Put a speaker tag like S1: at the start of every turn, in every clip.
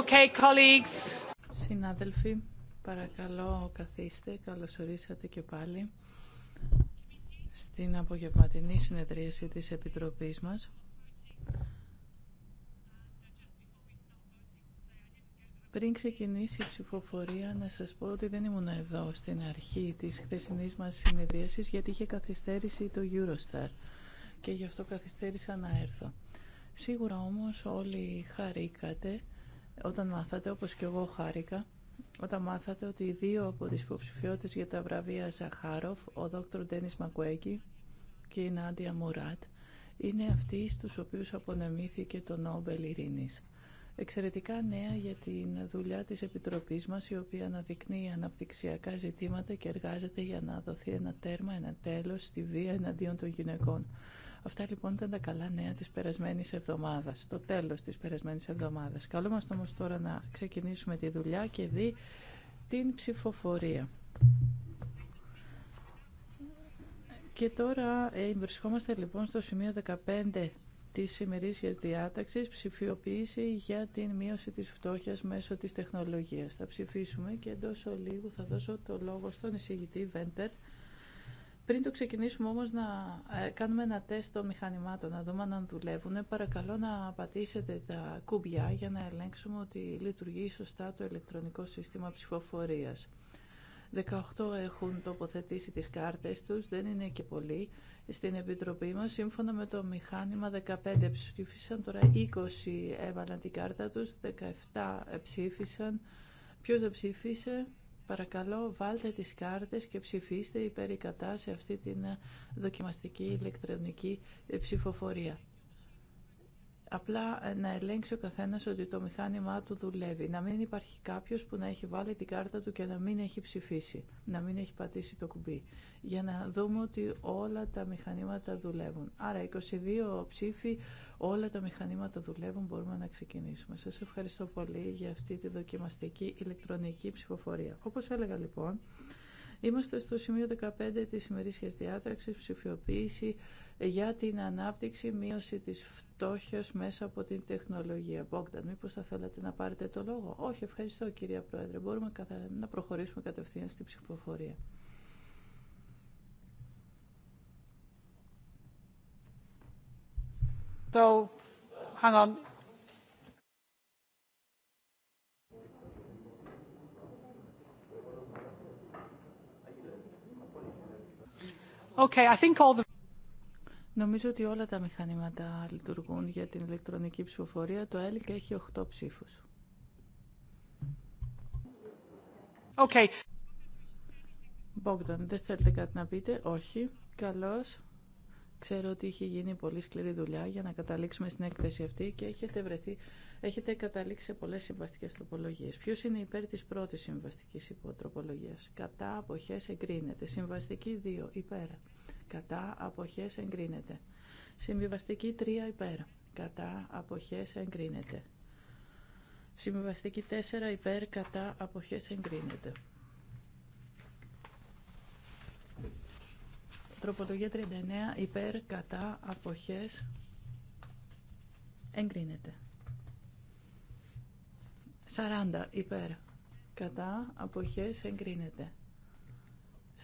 S1: Okay, Συνάδελφοι, παρακαλώ καθίστε. Καλώς ορίσατε και πάλι στην απογευματινή συνεδρίαση της Επιτροπής μας. Πριν ξεκινήσει η ψηφοφορία, να σας πω ότι δεν ήμουν εδώ στην αρχή της χθεσινής μας συνεδρίασης γιατί είχε καθυστέρηση το Eurostar και γι' αυτό καθυστέρησα να έρθω. Σίγουρα όμως όλοι χαρήκατε όταν μάθατε, όπως και εγώ χάρηκα, όταν μάθατε ότι οι δύο από τις υποψηφιότητε για τα βραβεία Ζαχάροφ, ο δόκτωρ Ντένις Μακουέκη και η Νάντια Μουράτ, είναι αυτοί στους οποίους απονεμήθηκε το Νόμπελ Ειρήνης. Εξαιρετικά νέα για την δουλειά της Επιτροπής μας, η οποία αναδεικνύει αναπτυξιακά ζητήματα και εργάζεται για να δοθεί ένα τέρμα, ένα τέλος στη βία εναντίον των γυναικών. Αυτά λοιπόν ήταν τα καλά νέα της περασμένης εβδομάδας, το τέλος της περασμένης εβδομάδας. Καλούμαστε όμως τώρα να ξεκινήσουμε τη δουλειά και δει την ψηφοφορία. Και τώρα ε, βρισκόμαστε λοιπόν στο σημείο 15 της ημερήσιας διάταξης ψηφιοποίηση για την μείωση της φτώχειας μέσω της τεχνολογίας. Θα ψηφίσουμε και εντός ολίγου θα δώσω το λόγο στον εισηγητή Βέντερ πριν το ξεκινήσουμε όμως να ε, κάνουμε ένα τεστ των μηχανημάτων, να δούμε αν δουλεύουν, παρακαλώ να πατήσετε τα κουμπιά για να ελέγξουμε ότι λειτουργεί σωστά το ηλεκτρονικό σύστημα ψηφοφορίας. 18 έχουν τοποθετήσει τις κάρτες τους, δεν είναι και πολλοί. Στην Επιτροπή μας, σύμφωνα με το μηχάνημα, 15 ψήφισαν, τώρα 20 έβαλαν την κάρτα τους, 17 ψήφισαν. Ποιος δεν ψήφισε, Παρακαλώ βάλτε τις κάρτες και ψηφίστε υπέρ σε αυτή την ε, δοκιμαστική ηλεκτρονική ε, ψηφοφορία απλά να ελέγξει ο καθένας ότι το μηχάνημά του δουλεύει. Να μην υπάρχει κάποιος που να έχει βάλει την κάρτα του και να μην έχει ψηφίσει, να μην έχει πατήσει το κουμπί. Για να δούμε ότι όλα τα μηχανήματα δουλεύουν. Άρα 22 ψήφοι, όλα τα μηχανήματα δουλεύουν, μπορούμε να ξεκινήσουμε. Σας ευχαριστώ πολύ για αυτή τη δοκιμαστική ηλεκτρονική ψηφοφορία. Όπως έλεγα λοιπόν, είμαστε στο σημείο 15 τη ημερήσιας διάταξης, ψηφιοποίηση για την ανάπτυξη, μείωση της φτώχειας μέσα από την τεχνολογία. Μπόγκταν, μήπως θα θέλατε να πάρετε το λόγο. Όχι, ευχαριστώ κυρία Πρόεδρε. Μπορούμε να προχωρήσουμε κατευθείαν στην ψηφοφορία.
S2: hang on. Okay,
S1: I think all Νομίζω ότι όλα τα μηχανήματα λειτουργούν για την ηλεκτρονική ψηφοφορία. Το ΕΛΚ έχει 8 ψήφου. Okay. Μπόγκταν, δεν θέλετε κάτι να πείτε. Όχι. Καλώς. Ξέρω ότι είχε γίνει πολύ σκληρή δουλειά για να καταλήξουμε στην έκθεση αυτή και έχετε, βρεθεί, έχετε καταλήξει σε πολλές συμβαστικές τροπολογίες. Ποιος είναι υπέρ της πρώτης συμβαστικής υποτροπολογίας. Κατά αποχές εγκρίνεται. Συμβαστική 2. Υπέρ κατά αποχές εγκρίνεται. Συμβιβαστική 3 υπέρ, κατά αποχές εγκρίνεται. Συμβιβαστική 4 υπέρ, κατά αποχές εγκρίνεται. Τροπολογία 39 υπέρ, κατά αποχές εγκρίνεται. 40 υπέρ, κατά αποχές εγκρίνεται.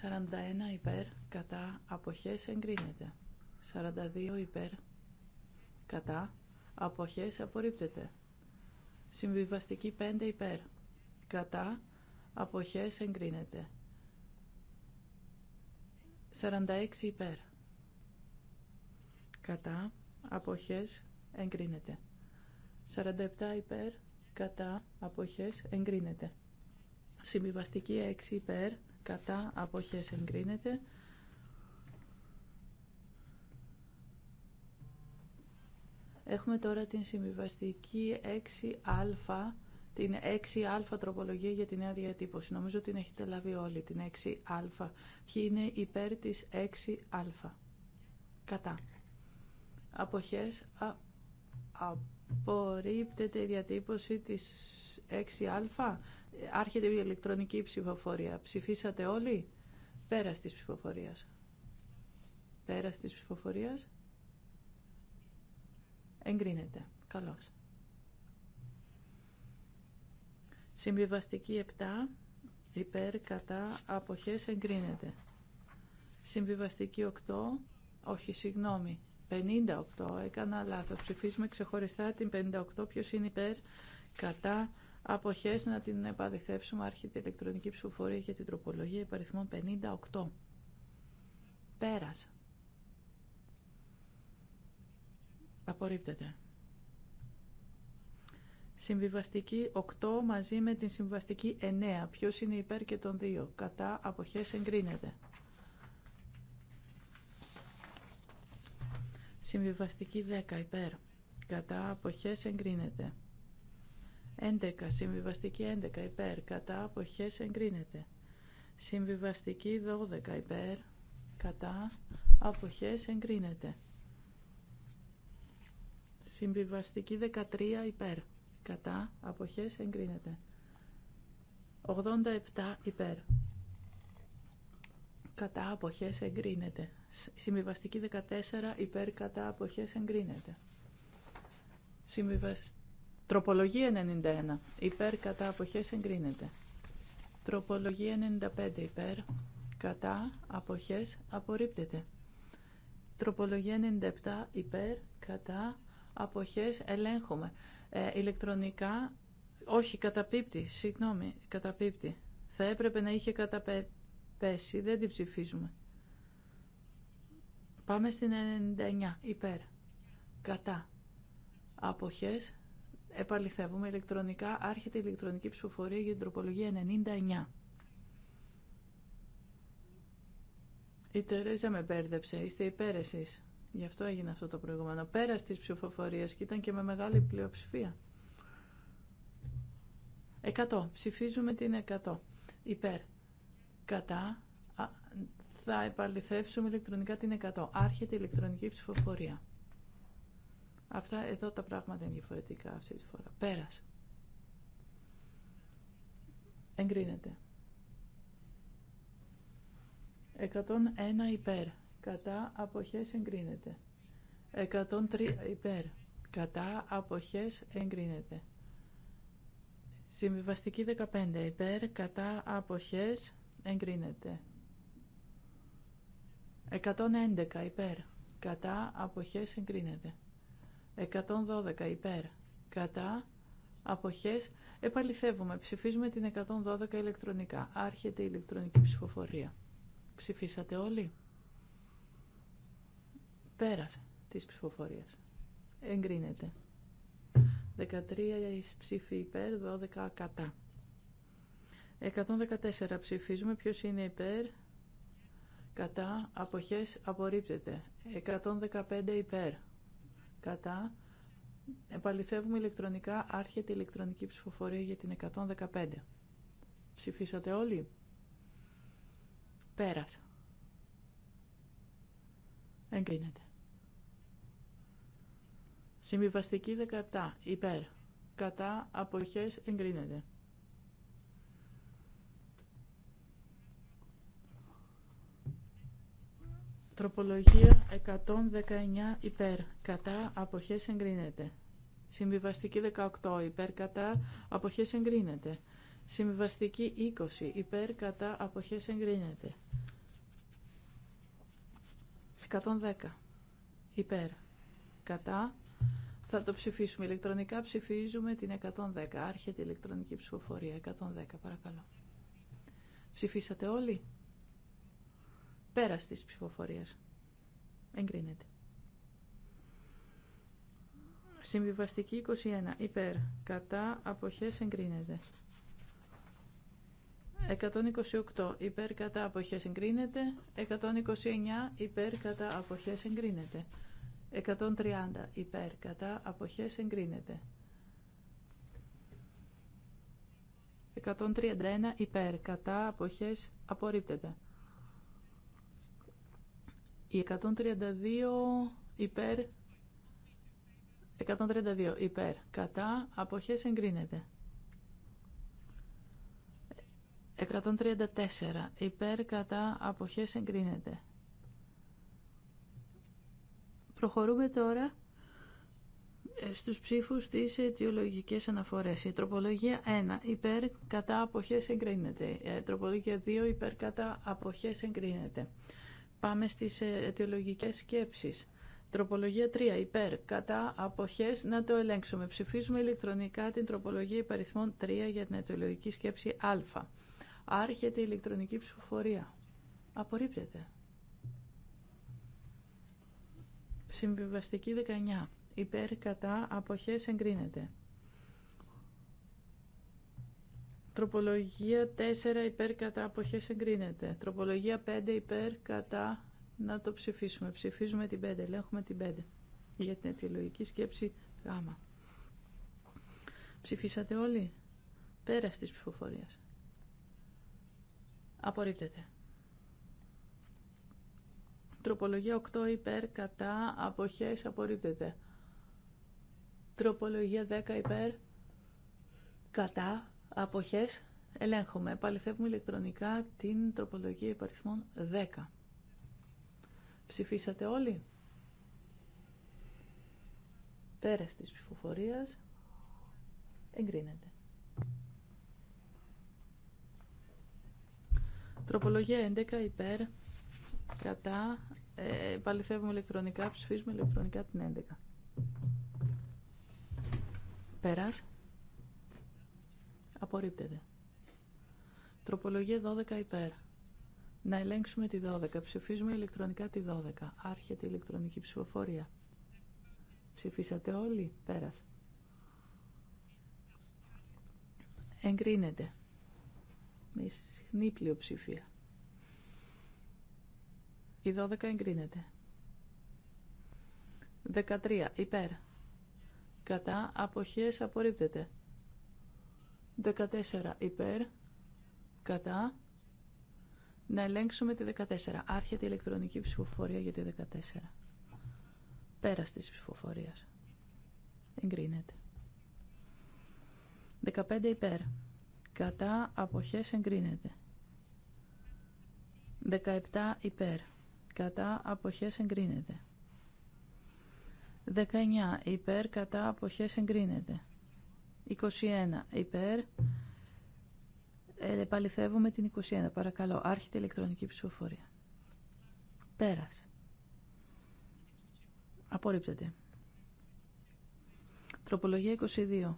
S1: 41 υπέρ κατά αποχές εγκρίνεται. 42 υπέρ κατά αποχές απορρίπτεται. Συμβιβαστική 5 υπέρ κατά αποχές εγκρίνεται. 46 υπέρ κατά αποχές εγκρίνεται. 47 υπέρ κατά αποχές εγκρίνεται. Συμβιβαστική 6 υπέρ κατά αποχές εγκρίνεται. Έχουμε τώρα την συμβιβαστική 6α, την 6α τροπολογία για τη νέα διατύπωση. Νομίζω την έχετε λάβει όλοι, την 6α. Ποιοι είναι υπέρ της 6α. Κατά. Αποχές α, α απορρίπτεται η διατύπωση της 6α. Άρχεται η ηλεκτρονική ψηφοφορία. Ψηφίσατε όλοι. Πέρας της ψηφοφορίας. Πέρας της ψηφοφορίας. Εγκρίνεται. Καλώς. Συμβιβαστική 7. Υπέρ, κατά, αποχές εγκρίνεται. Συμβιβαστική 8. Όχι, συγγνώμη. 58, έκανα λάθο. Ψηφίσουμε ξεχωριστά την 58, Ποιο είναι υπέρ, κατά, αποχές να την επαληθεύσουμε. Άρχεται η ηλεκτρονική ψηφοφορία για την τροπολογία υπαριθμών 58. Πέρασε. Απορρίπτεται. Συμβιβαστική 8 μαζί με την συμβιβαστική 9. Ποιος είναι υπέρ και των δύο. Κατά αποχές εγκρίνεται. Συμβιβαστική 10 υπέρ. Κατά απόχέ εγκρίνεται. 11. Συμβιβαστική 11 υπέρ. Κατά απόχέ εγκρίνεται. Συμβιβαστική 12 υπέρ. Κατά αποχές εγκρίνεται. Συμβιβαστική 13 υπέρ. Κατά απόχέ εγκρίνεται. 87 υπέρ. Κατά αποχέ εγκρίνεται. Συμβιβαστική 14 υπέρ κατά αποχές εγκρίνεται. Τροπολογία 91 υπέρ κατά αποχές εγκρίνεται. Τροπολογία 95 υπέρ κατά αποχές απορρίπτεται. Τροπολογία 97 υπέρ κατά αποχές ελέγχουμε. Ε, ηλεκτρονικά, όχι καταπίπτει, συγγνώμη, καταπίπτει. Θα έπρεπε να είχε καταπέσει, δεν την ψηφίζουμε. Πάμε στην 99 υπέρ. Κατά. Αποχές. Επαληθεύουμε ηλεκτρονικά. Άρχεται η ηλεκτρονική ψηφοφορία για την τροπολογία 99. Η Τερέζα με μπέρδεψε. Είστε υπέρ εσείς. Γι' αυτό έγινε αυτό το προηγούμενο. Πέρα τη ψηφοφορία και ήταν και με μεγάλη πλειοψηφία. 100. Ψηφίζουμε την 100. Υπέρ. Κατά θα επαληθεύσουμε ηλεκτρονικά την 100. Άρχεται η ηλεκτρονική ψηφοφορία. Αυτά εδώ τα πράγματα είναι διαφορετικά αυτή τη φορά. Πέρασε. Εγκρίνεται. 101 υπέρ. Κατά αποχές εγκρίνεται. 103 υπέρ. Κατά αποχές εγκρίνεται. Συμβιβαστική 15 υπέρ. Κατά αποχές εγκρίνεται. 111 υπέρ. Κατά αποχές εγκρίνεται. 112 υπέρ. Κατά αποχές επαληθεύουμε. Ψηφίζουμε την 112 ηλεκτρονικά. Άρχεται η ηλεκτρονική ψηφοφορία. Ψηφίσατε όλοι. Πέρασε τη ψηφοφορία. Εγκρίνεται. 13 ψήφοι υπέρ, 12 κατά. 114 ψηφίζουμε. Ποιο είναι υπέρ, κατά αποχές απορρίπτεται 115 υπέρ κατά επαληθεύουμε ηλεκτρονικά άρχεται η ηλεκτρονική ψηφοφορία για την 115 ψηφίσατε όλοι πέρασα εγκρίνεται συμβιβαστική 17 υπέρ κατά αποχές εγκρίνεται Τροπολογία 119 υπέρ, κατά, αποχές εγκρίνεται. Συμβιβαστική 18 υπέρ, κατά, αποχές εγκρίνεται. Συμβιβαστική 20 υπέρ, κατά, αποχές εγκρίνεται. 110 υπέρ, κατά, θα το ψηφίσουμε ηλεκτρονικά, ψηφίζουμε την 110, άρχεται η ηλεκτρονική ψηφοφορία, 110 παρακαλώ. Ψηφίσατε όλοι. Πέρας τη ψηφοφορία. Εγκρίνεται. Συμβιβαστική 21. Υπέρ. Κατά. Αποχές εγκρίνεται. 128. Υπέρ. Κατά. Αποχές εγκρίνεται. 129. Υπέρ. Κατά. Αποχές εγκρίνεται. 130. Υπέρ. Κατά. Αποχές εγκρίνεται. 131. Υπέρ. Κατά. Αποχές απορρίπτεται. Η 132 υπέρ 132 υπέρ κατά αποχές εγκρίνεται. 134 υπέρ κατά αποχές εγκρίνεται. Προχωρούμε τώρα ε, στους ψήφους της αιτιολογικές αναφορές. Η τροπολογία 1 υπέρ κατά αποχές εγκρίνεται. Η ε, τροπολογία 2 υπέρ κατά αποχές εγκρίνεται. Πάμε στις ε, αιτιολογικές σκέψεις. Τροπολογία 3. Υπέρ. Κατά. Αποχές. Να το ελέγξουμε. Ψηφίζουμε ηλεκτρονικά την τροπολογία υπαριθμών 3 για την αιτιολογική σκέψη Α. Άρχεται η ηλεκτρονική ψηφοφορία. Απορρίπτεται. Συμβιβαστική 19. Υπέρ. Κατά. Αποχές. Εγκρίνεται. Τροπολογία 4 υπέρ κατά αποχές εγκρίνεται. Τροπολογία 5 υπέρ κατά να το ψηφίσουμε. Ψηφίζουμε την 5, ελέγχουμε την 5 για την αιτιολογική σκέψη Γ. Ψηφίσατε όλοι. Πέρα της ψηφοφορίας. Απορρίπτεται. Τροπολογία 8 υπέρ κατά αποχές απορρίπτεται. Τροπολογία 10 υπέρ κατά αποχές ελέγχουμε. Επαληθεύουμε ηλεκτρονικά την τροπολογία υπαριθμών 10. Ψηφίσατε όλοι. Πέρας της ψηφοφορίας εγκρίνεται. Τροπολογία 11 υπέρ, κατά, ε, ηλεκτρονικά, ψηφίζουμε ηλεκτρονικά την 11. Πέρας. Απορρίπτεται. Τροπολογία 12 υπέρ. Να ελέγξουμε τη 12. Ψηφίζουμε ηλεκτρονικά τη 12. Άρχεται η ηλεκτρονική ψηφοφορία. Ψηφίσατε όλοι. Πέρασε. Εγκρίνεται. Με συχνή πλειοψηφία. Η 12 εγκρίνεται. 13. Υπέρ. Κατά αποχές απορρίπτεται. 14 υπέρ, κατά. Να ελέγξουμε τη 14. Άρχεται η ηλεκτρονική ψηφοφορία για τη 14. Πέρας της ψηφοφορίας. Εγκρίνεται. 15 υπέρ. Κατά αποχές εγκρίνεται. 17 υπέρ. Κατά αποχές εγκρίνεται. 19 υπέρ. Κατά αποχές εγκρίνεται. 21 υπέρ. Ε, επαληθεύουμε την 21. Παρακαλώ, άρχεται ηλεκτρονική ψηφοφορία. Πέρας. Απορρίπτεται. Τροπολογία 22.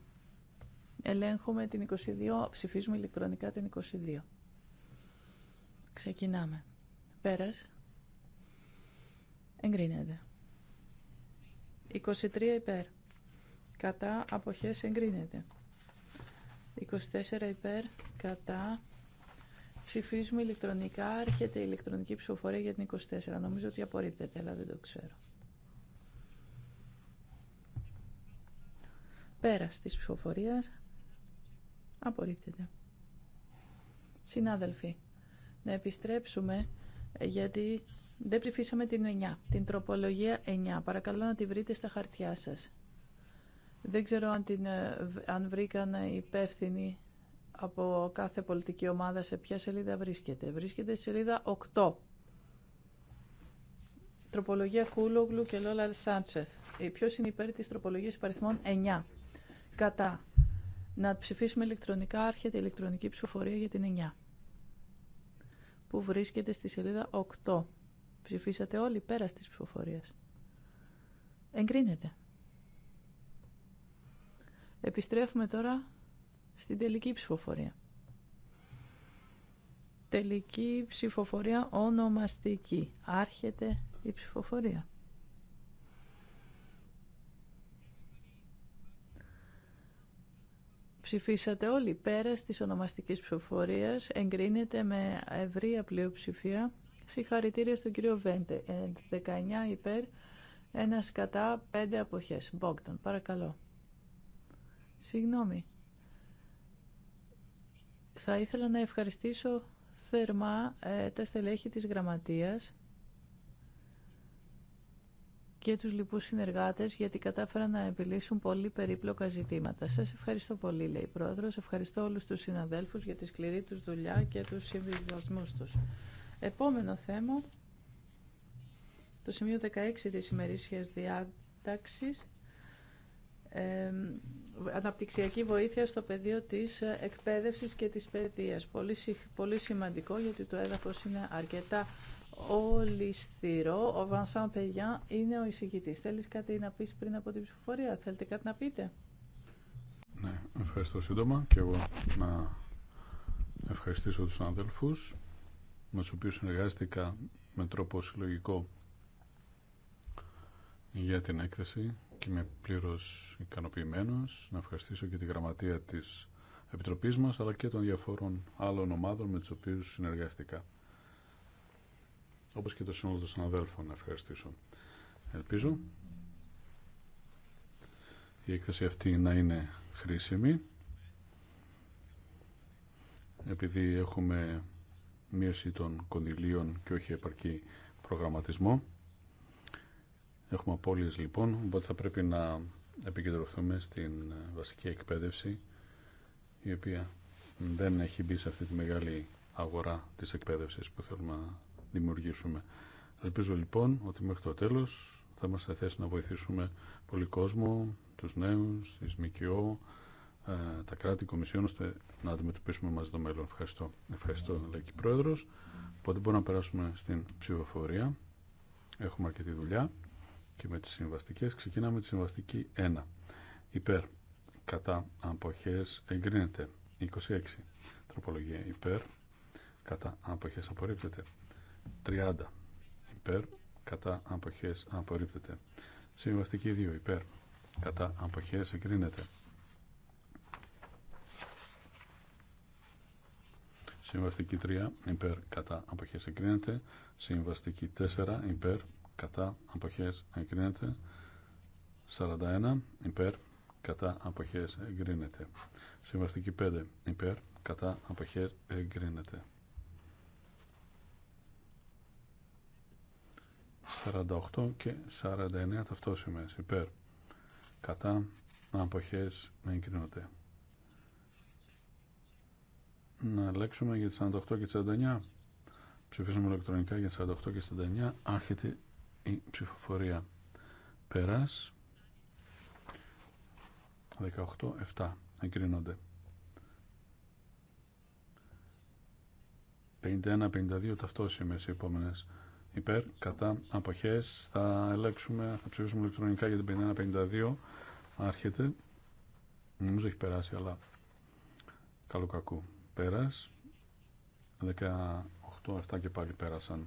S1: Ελέγχουμε την 22, ψηφίζουμε ηλεκτρονικά την 22. Ξεκινάμε. Πέρας. Εγκρίνεται. 23 υπέρ κατά αποχές εγκρίνεται. 24 υπέρ κατά ψηφίζουμε ηλεκτρονικά, Άρχεται η ηλεκτρονική ψηφοφορία για την 24. Νομίζω ότι απορρίπτεται, αλλά δεν το ξέρω. Πέρας της ψηφοφορίας απορρίπτεται. Συνάδελφοι, να επιστρέψουμε γιατί δεν ψηφίσαμε την 9, την τροπολογία 9. Παρακαλώ να τη βρείτε στα χαρτιά σας. Δεν ξέρω αν, την, ε, αν βρήκαν υπεύθυνοι από κάθε πολιτική ομάδα σε ποια σελίδα βρίσκεται. Βρίσκεται στη σελίδα 8. Τροπολογία Κούλογλου και Λόλα Σάντσεθ. Ε, Ποιο είναι υπέρ τη τροπολογία παριθμών 9. Κατά. Να ψηφίσουμε ηλεκτρονικά. Άρχεται η ηλεκτρονική ψηφοφορία για την 9. Που βρίσκεται στη σελίδα 8. Ψηφίσατε όλοι πέρα τη ψηφοφορία. Εγκρίνεται. Επιστρέφουμε τώρα στην τελική ψηφοφορία. Τελική ψηφοφορία ονομαστική. Άρχεται η ψηφοφορία. Ψηφίσατε όλοι πέρα της ονομαστικής ψηφοφορίας. Εγκρίνεται με ευρία πλειοψηφία. Συγχαρητήρια στον κύριο Βέντε. 19 ε, υπέρ, ένας κατά, 5 αποχές. Μπόγκταν, παρακαλώ. Συγγνώμη. Θα ήθελα να ευχαριστήσω θερμά ε, τα στελέχη της Γραμματείας και τους λοιπούς συνεργάτες γιατί κατάφεραν να επιλύσουν πολύ περίπλοκα ζητήματα. Σας ευχαριστώ πολύ, λέει η Πρόεδρος. Ευχαριστώ όλους τους συναδέλφους για τη σκληρή τους δουλειά και τους συμβιβασμούς τους. Επόμενο θέμα, το σημείο 16 της ημερήσιας διάταξης, αναπτυξιακή βοήθεια στο πεδίο της εκπαίδευσης και της παιδείας. Πολύ, σημαντικό γιατί το έδαφος είναι αρκετά ολισθηρό. Ο Βανσάν Πεγιάν είναι ο εισηγητής. Θέλεις κάτι να πεις πριν από την ψηφοφορία. Θέλετε κάτι να πείτε.
S3: Ναι, ευχαριστώ σύντομα και εγώ να ευχαριστήσω τους αδελφούς με τους οποίους συνεργάστηκα με τρόπο συλλογικό για την έκθεση και είμαι πλήρως ικανοποιημένος να ευχαριστήσω και τη γραμματεία της Επιτροπής μας αλλά και των διαφόρων άλλων ομάδων με τις οποίες συνεργαστικά. Όπως και το σύνολο των συναδέλφων να ευχαριστήσω. Ελπίζω η έκθεση αυτή να είναι χρήσιμη επειδή έχουμε μείωση των κονδυλίων και όχι επαρκή προγραμματισμό Έχουμε απώλειες λοιπόν, οπότε θα πρέπει να επικεντρωθούμε στην ε, βασική εκπαίδευση η οποία δεν έχει μπει σε αυτή τη μεγάλη αγορά της εκπαίδευσης που θέλουμε να δημιουργήσουμε. Ελπίζω λοιπόν ότι μέχρι το τέλος θα είμαστε θέσει να βοηθήσουμε πολύ κόσμο, τους νέους, τις ΜΚΟ, ε, τα κράτη, κομισιόν, ώστε να αντιμετωπίσουμε μαζί το μέλλον. Ευχαριστώ. Ευχαριστώ, λέει και η Πρόεδρος. Οπότε μπορούμε να περάσουμε στην ψηφοφορία. Έχουμε αρκετή δουλειά και με τις συμβαστικές. Ξεκινάμε τη συμβαστική 1. Υπέρ. Κατά αποχές εγκρίνεται. 26. Τροπολογία υπέρ. Κατά αποχές απορρίπτεται. 30. Υπέρ. Κατά αποχές απορρίπτεται. Συμβαστική 2. Υπέρ. Κατά αποχές εγκρίνεται. Συμβαστική 3. Υπέρ. Κατά αποχές εγκρίνεται. Συμβαστική 4. Υπέρ κατά αποχές εγκρίνεται 41 υπέρ κατά αποχές εγκρίνεται συμβαστική 5 υπέρ κατά αποχές εγκρίνεται 48 και 49 ταυτόσημες υπέρ κατά αποχές εγκρίνονται να λέξουμε για τις 48 και τις 49 ψηφίσουμε ηλεκτρονικά για τις 48 και τις 49 άρχεται η ψηφοφορία πέρας 18-7 εγκρίνονται 51-52 ταυτόσημες οι επόμενες υπέρ, κατά, αποχές θα ελέγξουμε, θα ψηφίσουμε ηλεκτρονικά για την 51-52 άρχεται νομίζω έχει περάσει αλλά καλού κακού πέρας 18-7 και πάλι πέρασαν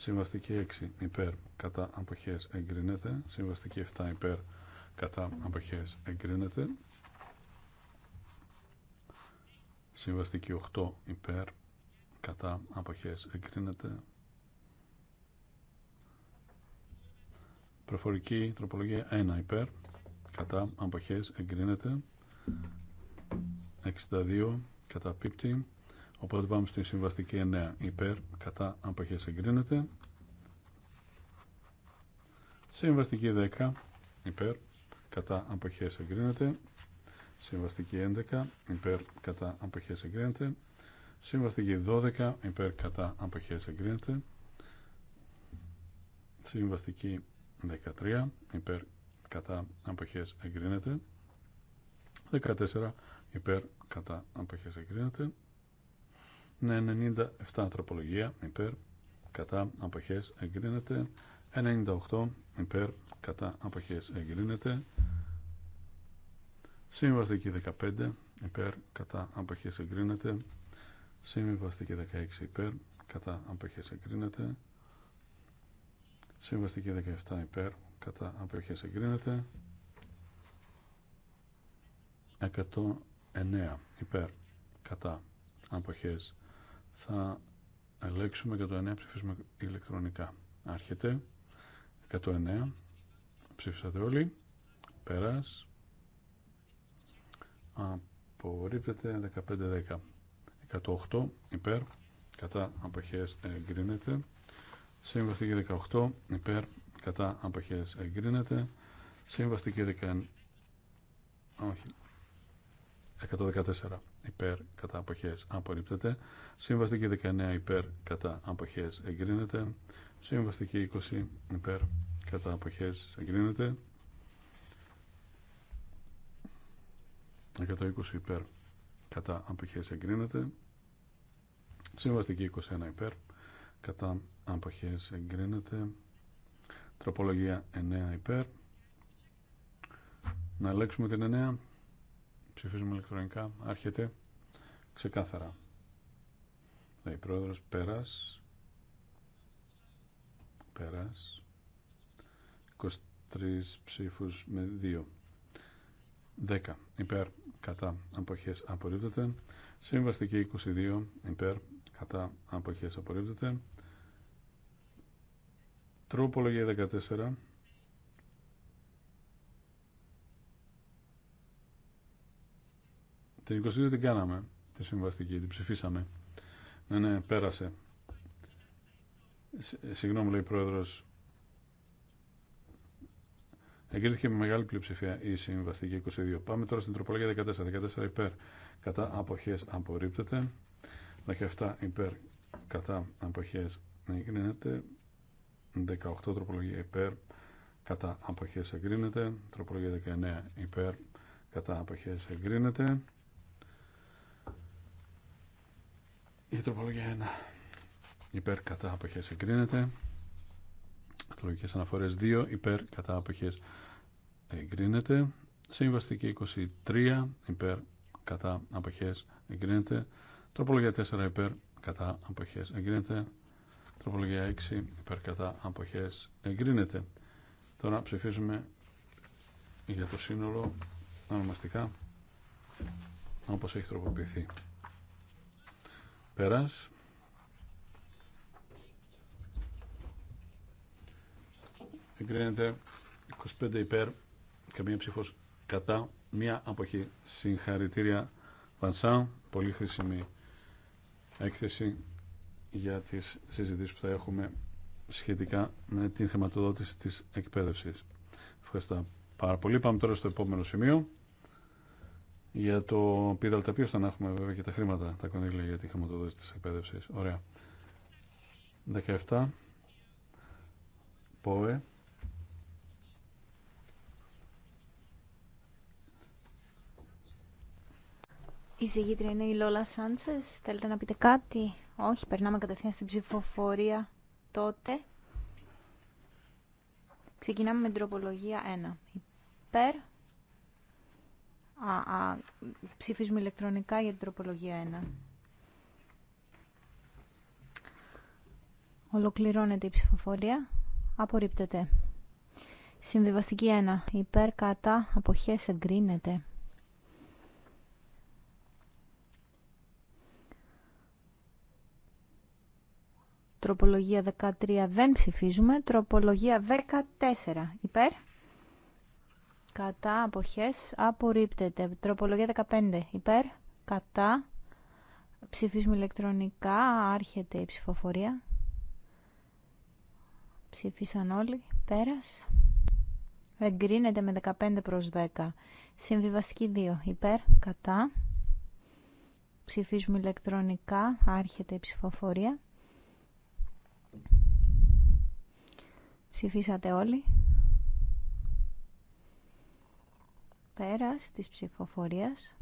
S3: Συμβαστική 6 υπέρ κατά αποχές εγκρίνεται. Συμβαστική 7 υπέρ κατά αποχές εγκρίνεται. Συμβαστική 8 υπέρ κατά αποχές εγκρίνεται. Προφορική τροπολογία 1 υπέρ κατά αποχές εγκρίνεται. 62 κατά πίπτη. Οπότε πάμε στη συμβαστική 9 υπέρ, κατά αποχές εγκρίνεται. Συμβαστική 10 υπέρ, κατά αποχές εγκρίνεται. Συμβαστική 11 υπέρ, κατά αποχές εγκρίνεται. Συμβαστική 12 υπέρ, κατά αποχές εγκρίνεται. Συμβαστική 13 υπέρ, κατά αποχές εγκρίνεται. 14 υπέρ, κατά αποχές εγκρίνεται. 97 ναι, τροπολογία υπέρ κατά αποχές εγκρίνεται 98 υπέρ κατά αποχές εγκρίνεται Συμβαστική 15 υπέρ κατά αποχές εγκρίνεται Συμβαστική 16 υπέρ κατά αποχές εγκρίνεται Συμβαστική 17 υπέρ κατά αποχές εγκρίνεται 109 υπέρ κατά αποχές θα ελέγξουμε 109 ψηφίσουμε ηλεκτρονικά. Άρχεται 109. Ψήφισατε όλοι. Πέρας. Απορρίπτεται 15-10. 108 υπέρ. Κατά αποχές εγκρίνεται. και 18 υπέρ. Κατά αποχές εγκρίνεται. Συμβαστική 19. Όχι. 114 υπέρ κατά αποχές απορρίπτεται. Συμβαστική 19 υπέρ κατά αποχές εγκρίνεται. Συμβαστική 20 υπέρ κατά αποχές εγκρίνεται. 120 υπέρ κατά αποχές εγκρίνεται. Συμβαστική 21 υπέρ κατά αποχές εγκρίνεται. Τροπολογία 9 υπέρ. Να αλλάξουμε την 9. Ψηφίζουμε ηλεκτρονικά. Άρχεται ξεκάθαρα. Λέει πρόεδρο, πέρα πέρα, 23 ψήφου με 2. 10 υπέρ κατά απόχέ απορρίπτεται. Συμβαστική 22 υπέρ κατά αποχές απορρίπτεται. Τροπολογία 14 Την 22 την κάναμε, τη συμβαστική, την ψηφίσαμε. Ναι, ναι, πέρασε. Ε, συγγνώμη, λέει ο πρόεδρο. Εγκρίθηκε με μεγάλη πλειοψηφία η συμβαστική 22. Πάμε τώρα στην τροπολογία 14. 14 υπέρ κατά αποχέ απορρίπτεται. 17 υπέρ κατά αποχέ εγκρίνεται. 18 τροπολογία υπέρ κατά αποχέ εγκρίνεται. Τροπολογία 19 υπέρ κατά αποχέ εγκρίνεται. Η τροπολογία 1 υπέρ κατά αποχές εγκρίνεται. Τροπολογικές αναφορές 2 υπέρ κατά αποχές εγκρίνεται. Συμβαστική 23 υπέρ κατά αποχές εγκρίνεται. Τροπολογία 4 υπέρ κατά αποχές εγκρίνεται. Τροπολογία 6 υπέρ κατά αποχές εγκρίνεται. Τώρα ψηφίζουμε για το σύνολο ονομαστικά όπως έχει τροποποιηθεί. Πέρας. Εγκρίνεται 25 υπέρ, μία ψήφος κατά, μία αποχή. Συγχαρητήρια Βανσά, πολύ χρήσιμη έκθεση για τις συζητήσεις που θα έχουμε σχετικά με την χρηματοδότηση της εκπαίδευσης. Ευχαριστώ πάρα πολύ. Πάμε τώρα στο επόμενο σημείο για το Ποιος θα έχουμε βέβαια και τα χρήματα, τα κονδύλια για τη χρηματοδότηση της εκπαίδευσης. Ωραία. 17. ΠΟΕ.
S4: Η συγγύτρια είναι η Λόλα Σάντσες. Θέλετε να πείτε κάτι. Όχι, περνάμε κατευθείαν στην ψηφοφορία τότε. Ξεκινάμε με την τροπολογία 1. Υπέρ. Α, α, ψηφίζουμε ηλεκτρονικά για την τροπολογία 1. Ολοκληρώνεται η ψηφοφορία. Απορρίπτεται. Συμβιβαστική 1. Υπέρ, κατά, αποχές, εγκρίνεται. Τροπολογία 13 δεν ψηφίζουμε. Τροπολογία 14. Υπέρ κατά αποχές απορρίπτεται. Τροπολογία 15 υπέρ, κατά, ψηφίζουμε ηλεκτρονικά, άρχεται η ψηφοφορία. Ψηφίσαν όλοι, πέρας. Εγκρίνεται με 15 προς 10. Συμβιβαστική 2 υπέρ, κατά. Ψηφίζουμε ηλεκτρονικά, άρχεται η ψηφοφορία. Ψηφίσατε όλοι. Πέρας της ψηφοφορίας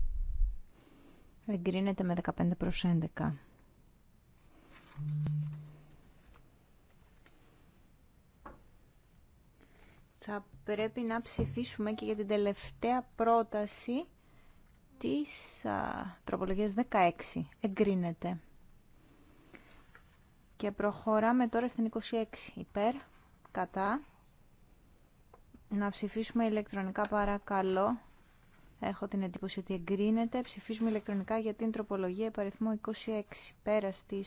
S4: εγκρίνεται με 15 προς 11. Θα πρέπει να ψηφίσουμε και για την τελευταία πρόταση της α, τροπολογίας 16. Εγκρίνεται. Και προχωράμε τώρα στην 26. Υπέρ, κατά, να ψηφίσουμε ηλεκτρονικά παρακαλώ. Έχω την εντύπωση ότι εγκρίνεται. Ψηφίσουμε ηλεκτρονικά για την τροπολογία υπαριθμό 26. Πέρα τη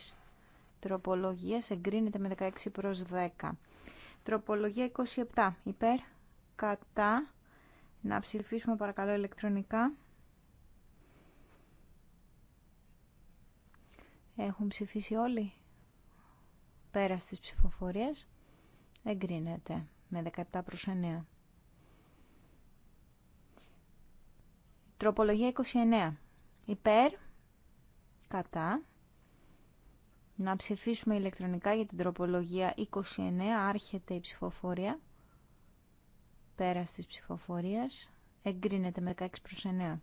S4: τροπολογία εγκρίνεται με 16 προς 10. Τροπολογία 27. Υπέρ, κατά. Να ψηφίσουμε παρακαλώ ηλεκτρονικά. Έχουν ψηφίσει όλοι. Πέρα τη ψηφοφορία εγκρίνεται με 17 προς 9. Τροπολογία 29. Υπέρ, κατά. Να ψηφίσουμε ηλεκτρονικά για την τροπολογία 29. Άρχεται η ψηφοφορία. Πέρας της ψηφοφορίας. Εγκρίνεται με 16 προς 9.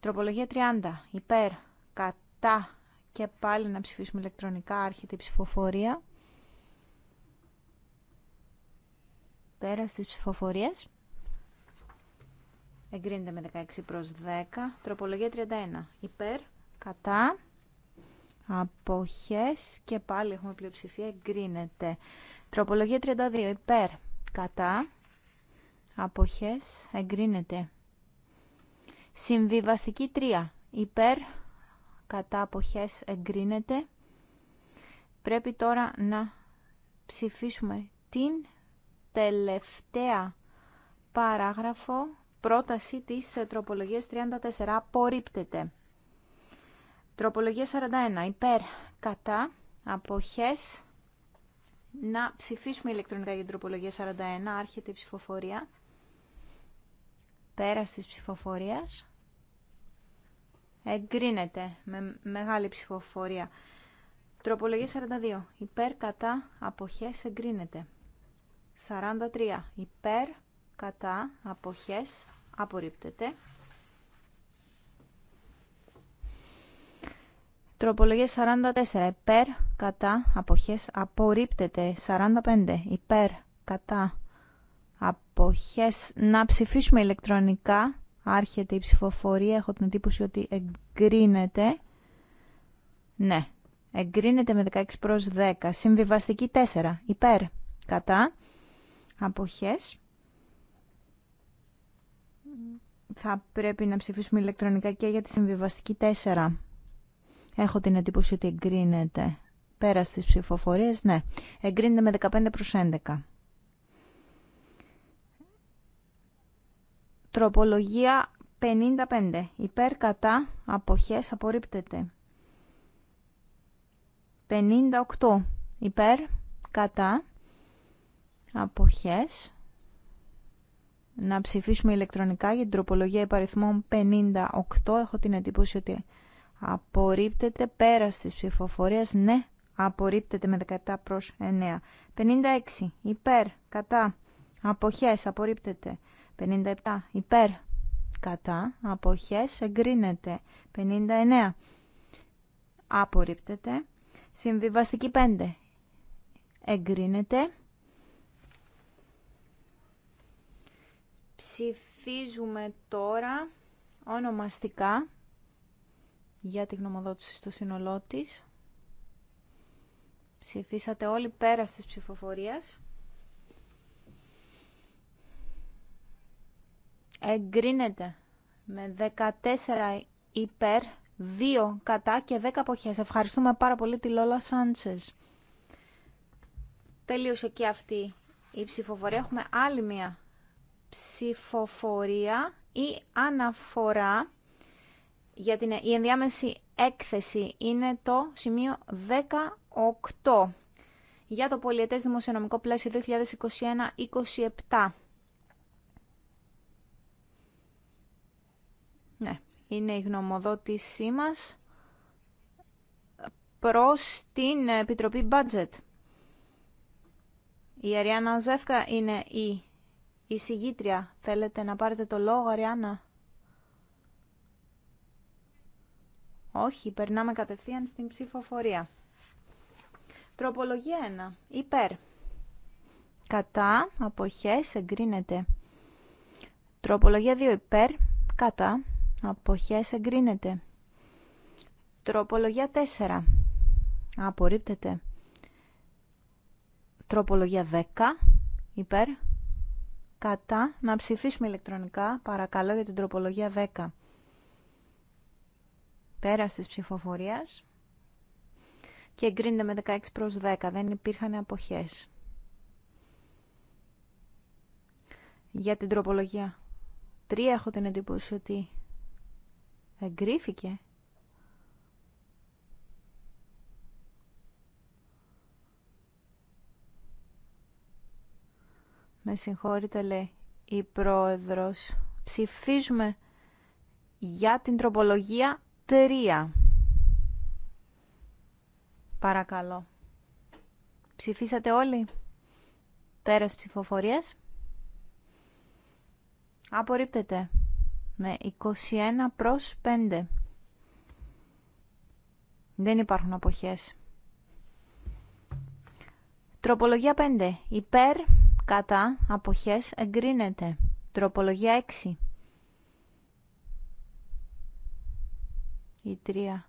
S4: Τροπολογία 30. Υπέρ, κατά. Και πάλι να ψηφίσουμε ηλεκτρονικά. Άρχεται η ψηφοφορία. Πέρα στις ψηφοφορίες, Εγκρίνεται με 16 προς 10. Τροπολογία 31. Υπέρ, κατά, αποχές και πάλι έχουμε πλειοψηφία. Εγκρίνεται. Τροπολογία 32. Υπέρ, κατά, αποχές. Εγκρίνεται. Συμβιβαστική 3. Υπέρ, κατά, αποχές. Εγκρίνεται. Πρέπει τώρα να ψηφίσουμε την τελευταία παράγραφο, πρόταση της ε, τροπολογίας 34 απορρίπτεται. Τροπολογία 41 υπέρ κατά αποχές. Να ψηφίσουμε ηλεκτρονικά για την τροπολογία 41, άρχεται η ψηφοφορία. πέρα της ψηφοφορίας. Εγκρίνεται με μεγάλη ψηφοφορία. Τροπολογία 42. Υπέρ κατά αποχές εγκρίνεται. 43 υπέρ, κατά, αποχές, απορρίπτεται. Τροπολογία 44 υπέρ, κατά, αποχές, απορρίπτεται. 45 υπέρ, κατά, αποχές. Να ψηφίσουμε ηλεκτρονικά. Άρχεται η ψηφοφορία. Έχω την εντύπωση ότι εγκρίνεται. Ναι, εγκρίνεται με 16 προς 10. Συμβιβαστική 4 υπέρ, κατά, αποχές. Θα πρέπει να ψηφίσουμε ηλεκτρονικά και για τη συμβιβαστική 4. Έχω την εντύπωση ότι εγκρίνεται πέρα στις ψηφοφορίες. Ναι, εγκρίνεται με 15 προς 11. Τροπολογία 55. Υπέρ κατά αποχές απορρίπτεται. 58. Υπέρ κατά αποχές. Να ψηφίσουμε ηλεκτρονικά για την τροπολογία υπαριθμών 58. Έχω την εντύπωση ότι απορρίπτεται πέρα της ψηφοφορίας. Ναι, απορρίπτεται με 17 προς 9. 56. Υπέρ. Κατά. Αποχές. Απορρίπτεται. 57. Υπέρ. Κατά. Αποχές. Εγκρίνεται. 59. Απορρίπτεται. Συμβιβαστική 5. Εγκρίνεται. Ψηφίζουμε τώρα ονομαστικά για τη γνωμοδότηση στο σύνολό τη. Ψηφίσατε όλοι πέρα της ψηφοφορίας. Εγκρίνεται με 14 υπέρ, 2 κατά και 10 αποχές. Ευχαριστούμε πάρα πολύ τη Λόλα Σάντσες. Τελείωσε και αυτή η ψηφοφορία. Έχουμε άλλη μία ψηφοφορία ή αναφορά για την η ενδιάμεση έκθεση είναι το σημείο 18 για το πολιετές δημοσιονομικό πλαίσιο 2021-27. Ναι, είναι η γνωμοδότησή μας προς την Επιτροπή Budget. Η Αριάννα Ζεύκα είναι η η συγγήτρια, θέλετε να πάρετε το λόγο, Αριάννα. Όχι, περνάμε κατευθείαν στην ψηφοφορία. Τροπολογία 1. Υπέρ. Κατά. Αποχές. Εγκρίνεται. Τροπολογία 2. Υπέρ. Κατά. Αποχές. Εγκρίνεται. Τροπολογία 4. Απορρίπτεται. Τροπολογία 10. Υπέρ κατά να ψηφίσουμε ηλεκτρονικά, παρακαλώ, για την τροπολογία 10. Πέρας της ψηφοφορίας και εγκρίνεται με 16 προς 10. Δεν υπήρχαν αποχές. Για την τροπολογία 3 έχω την εντύπωση ότι εγκρίθηκε. Με συγχωρείτε λέει η πρόεδρος. Ψηφίζουμε για την τροπολογία 3. Παρακαλώ. Ψηφίσατε όλοι. Πέρας ψηφοφορίας. Απορρίπτεται. Με 21 προς 5. Δεν υπάρχουν αποχές. Τροπολογία 5. Υπέρ κατά αποχές εγκρίνεται. Τροπολογία 6. Η 3.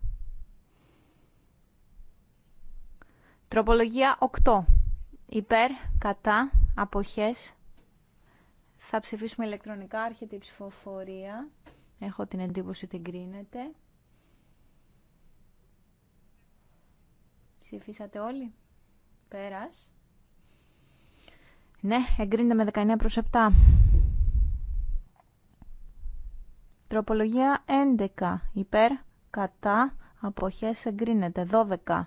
S4: Τροπολογία 8. Υπέρ, κατά, αποχές. Θα ψηφίσουμε ηλεκτρονικά, άρχεται η ψηφοφορία. Έχω την εντύπωση ότι εγκρίνεται. Ψηφίσατε όλοι. Πέρας. Ναι, εγκρίνεται με 19 προς 7. Τροπολογία 11. Υπέρ, κατά, αποχές εγκρίνεται. 12.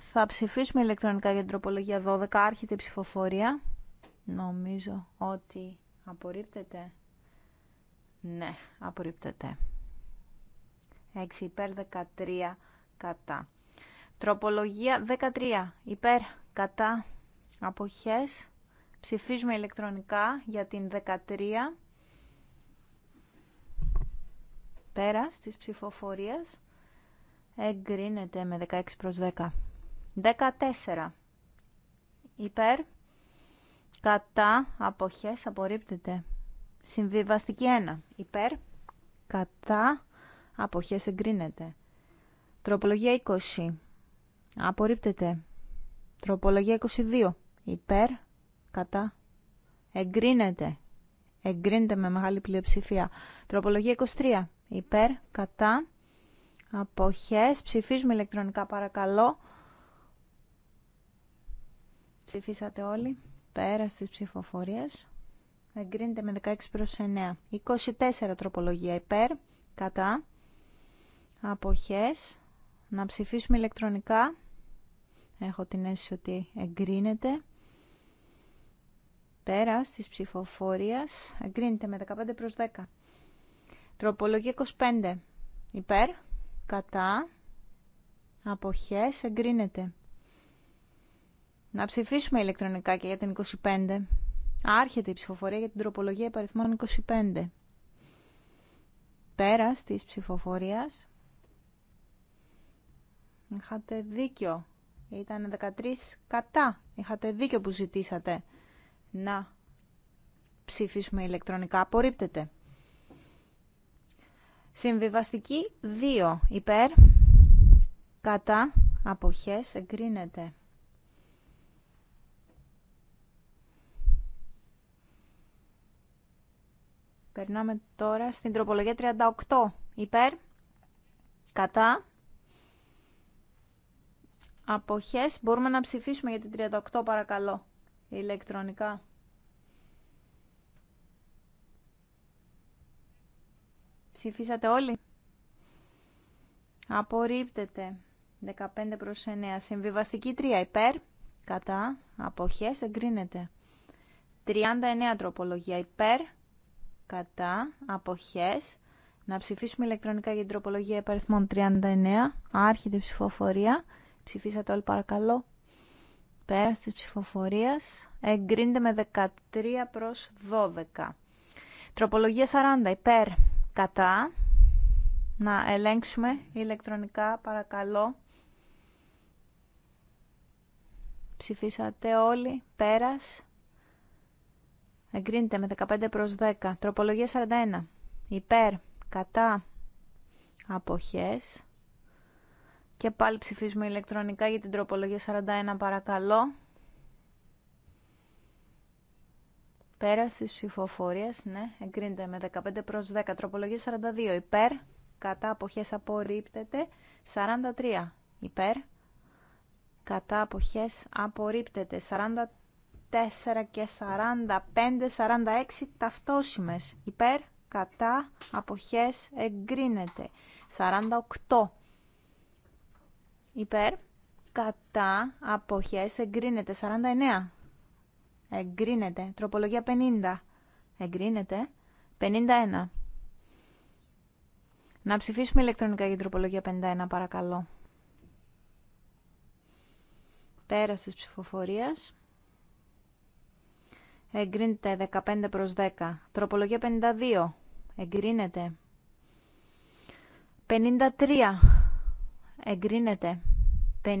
S4: Θα ψηφίσουμε ηλεκτρονικά για την τροπολογία 12. Άρχεται η ψηφοφορία. Νομίζω ότι απορρίπτεται. Ναι, απορρίπτεται. 6 υπέρ 13 κατά. Τροπολογία 13 υπέρ κατά αποχές ψηφίζουμε ηλεκτρονικά για την 13 πέρας της ψηφοφορίας εγκρίνεται με 16 προς 10 14 υπέρ κατά αποχές απορρίπτεται συμβιβαστική 1 υπέρ κατά αποχές εγκρίνεται τροπολογία 20 απορρίπτεται Τροπολογία 22. Υπέρ, κατά, εγκρίνεται. Εγκρίνεται με μεγάλη πλειοψηφία. Τροπολογία 23. Υπέρ, κατά, αποχές. Ψηφίζουμε ηλεκτρονικά παρακαλώ. Ψηφίσατε όλοι. Πέρα στις ψηφοφορίες. Εγκρίνεται με 16 προς 9. 24 τροπολογία υπέρ, κατά, αποχές. Να ψηφίσουμε ηλεκτρονικά. Έχω την αίσθηση ότι εγκρίνεται. πέρα τη ψηφοφορίας εγκρίνεται με 15 προς 10. Τροπολογία 25. Υπέρ, κατά, αποχές, εγκρίνεται. Να ψηφίσουμε ηλεκτρονικά και για την 25. Άρχεται η ψηφοφορία για την τροπολογία υπαριθμών 25. Πέρας της ψηφοφορίας. Είχατε δίκιο. Ήταν 13 κατά. Είχατε δίκιο που ζητήσατε να ψηφίσουμε ηλεκτρονικά. Απορρίπτεται. Συμβιβαστική 2 υπέρ, κατά, αποχές, εγκρίνεται. Περνάμε τώρα στην τροπολογία 38 υπέρ, κατά, αποχές. Μπορούμε να ψηφίσουμε για την 38 παρακαλώ, ηλεκτρονικά. Ψηφίσατε όλοι. Απορρίπτεται. 15 προς 9. Συμβιβαστική 3 υπέρ. Κατά. Αποχές. Εγκρίνεται. 39 τροπολογία υπέρ. Κατά. Αποχές. Να ψηφίσουμε ηλεκτρονικά για την τροπολογία υπαριθμών 39. Άρχεται ψηφοφορία. Ψηφίσατε όλοι παρακαλώ. Πέρα της ψηφοφορία. εγκρίνεται με 13 προς 12. Τροπολογία 40 υπέρ κατά. Να ελέγξουμε ηλεκτρονικά παρακαλώ. Ψηφίσατε όλοι. Πέρας. Εγκρίνεται με 15 προς 10. Τροπολογία 41. Υπέρ. Κατά. Αποχές. Και πάλι ψηφίζουμε ηλεκτρονικά για την τροπολογία 41 παρακαλώ. Πέρα στις ψηφοφορίες, ναι, εγκρίνεται με 15 προς 10. Τροπολογία 42 υπέρ, κατά αποχές απορρίπτεται. 43 υπέρ, κατά αποχές απορρίπτεται. 44 και 45, 46 ταυτόσιμες υπέρ, κατά αποχές εγκρίνεται. 48 Υπέρ. Κατά. Αποχές. Εγκρίνεται. 49. Εγκρίνεται. Τροπολογία 50. Εγκρίνεται. 51. Να ψηφίσουμε ηλεκτρονικά για τροπολογία 51, παρακαλώ. πέρα της ψηφοφορίας. Εγκρίνεται 15 προς 10. Τροπολογία 52. Εγκρίνεται. 53 εγκρίνεται. 54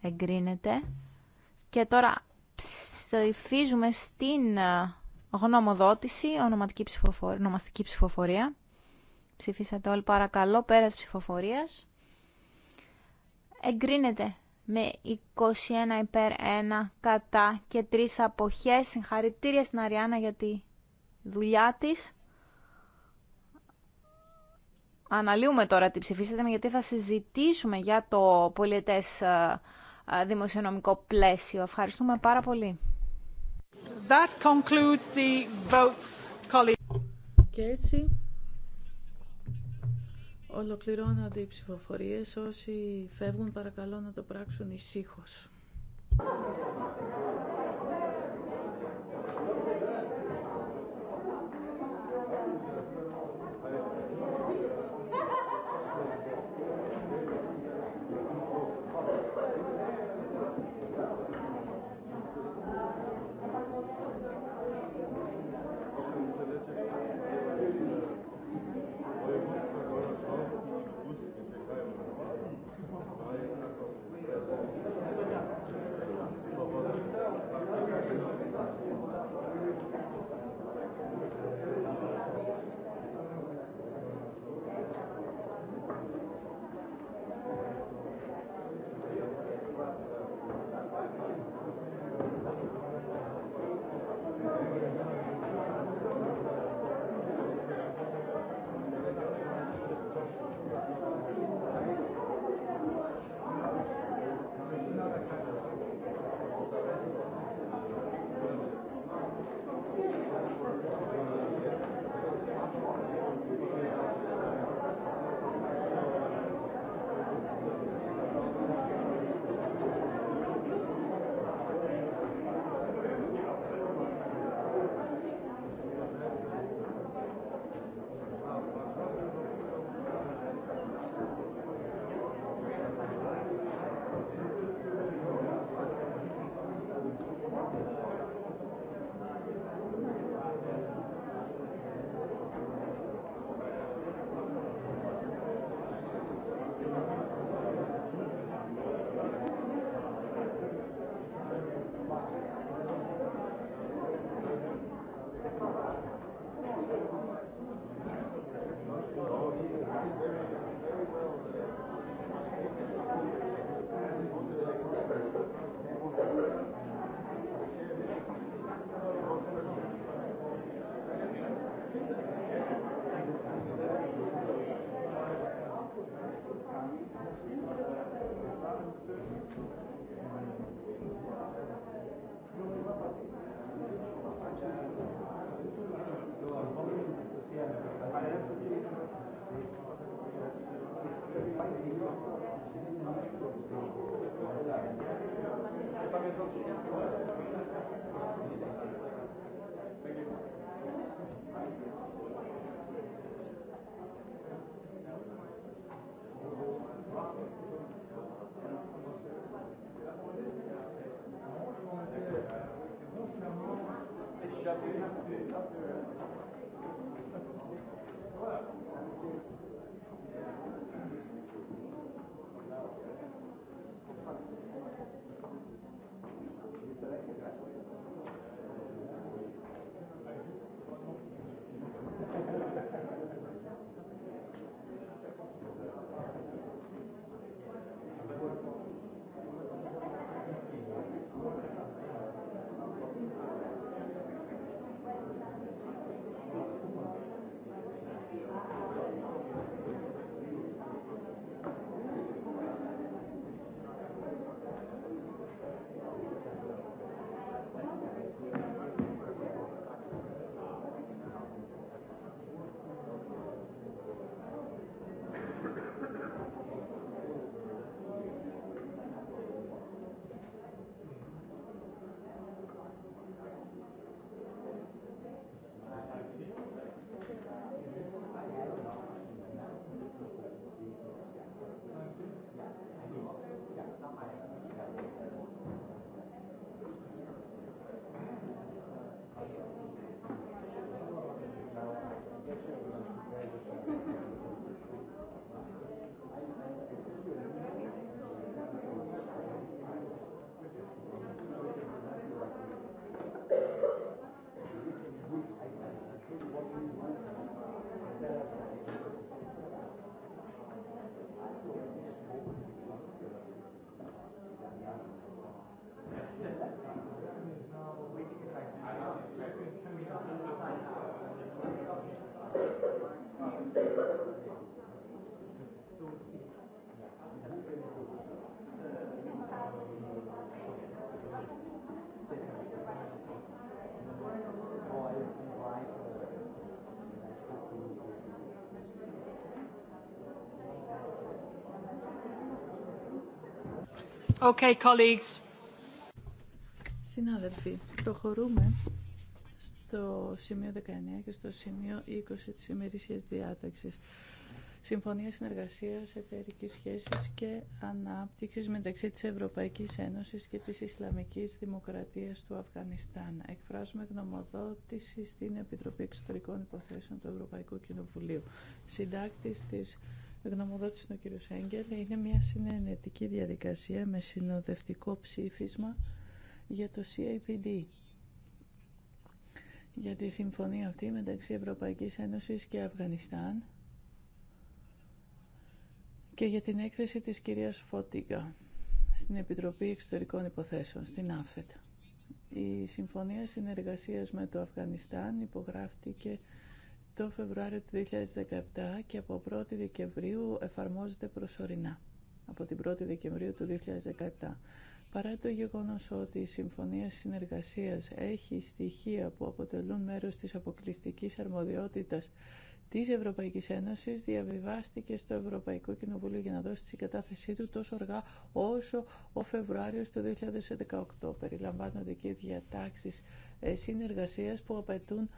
S4: εγκρίνεται. Και τώρα ψηφίζουμε στην ε, γνωμοδότηση, ονοματική ψηφοφορία, ονομαστική ψηφοφορία. Ψηφίσατε όλοι παρακαλώ, πέρας ψηφοφορίας. Εγκρίνεται με 21 υπέρ 1 κατά και 3 αποχές. Συγχαρητήρια στην Αριάννα για τη δουλειά της αναλύουμε τώρα τι ψηφίσατε, γιατί θα συζητήσουμε για το πολιετές ε, ε, δημοσιονομικό πλαίσιο. Ευχαριστούμε πάρα πολύ. That concludes the votes, colleagues. Και έτσι
S1: ολοκληρώνονται οι ψηφοφορίες. Όσοι φεύγουν παρακαλώ να το πράξουν ησύχως. Συνάδελφοι, προχωρούμε στο σημείο 19 και στο σημείο 20 της ημερήσιας διάταξης. Συμφωνία συνεργασίας, εταιρικής σχέσης και ανάπτυξης μεταξύ της Ευρωπαϊκής Ένωσης και της Ισλαμικής Δημοκρατίας του Αφγανιστάν. Εκφράζουμε γνωμοδότηση στην Επιτροπή Εξωτερικών Υποθέσεων του Ευρωπαϊκού Κοινοβουλίου. Συντάκτης της γνωμοδότηση του κ. Σέγγελ είναι μια συνενετική διαδικασία με συνοδευτικό ψήφισμα για το CAPD για τη συμφωνία αυτή μεταξύ Ευρωπαϊκής Ένωσης και Αφγανιστάν και για την έκθεση της κυρίας Φώτιγκα στην Επιτροπή Εξωτερικών Υποθέσεων, στην ΑΦΕΤ. Η Συμφωνία Συνεργασίας με το Αφγανιστάν υπογράφτηκε το Φεβρουάριο του 2017 και από 1η Δεκεμβρίου εφαρμόζεται προσωρινά. Από την 1η Δεκεμβρίου του 2017. Παρά το γεγονός ότι η Συμφωνία Συνεργασίας έχει στοιχεία που αποτελούν μέρος της αποκλειστικής αρμοδιότητας της Ευρωπαϊκής Ένωσης διαβιβάστηκε στο Ευρωπαϊκό Κοινοβούλιο για να δώσει τη συγκατάθεσή του τόσο αργά όσο ο Φεβρουάριος του 2018. Περιλαμβάνονται και διατάξεις ε, συνεργασία που απαιτούν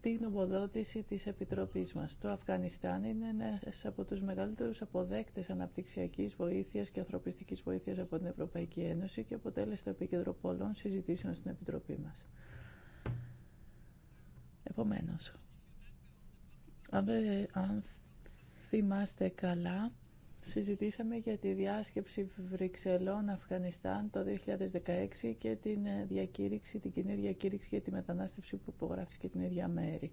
S1: τη γνωμοδότηση της Επιτροπής μας. Το Αφγανιστάν είναι ένας από τους μεγαλύτερους αποδέκτες αναπτυξιακής βοήθειας και ανθρωπιστικής βοήθειας από την Ευρωπαϊκή Ένωση και αποτέλεσε το επίκεντρο πολλών συζητήσεων στην Επιτροπή μας. Επομένως, αν θυμάστε καλά, συζητήσαμε για τη διάσκεψη Βρυξελών-Αφγανιστάν το 2016 και την ε, διακήρυξη, την κοινή διακήρυξη για τη μετανάστευση που υπογράφηκε την ίδια μέρη.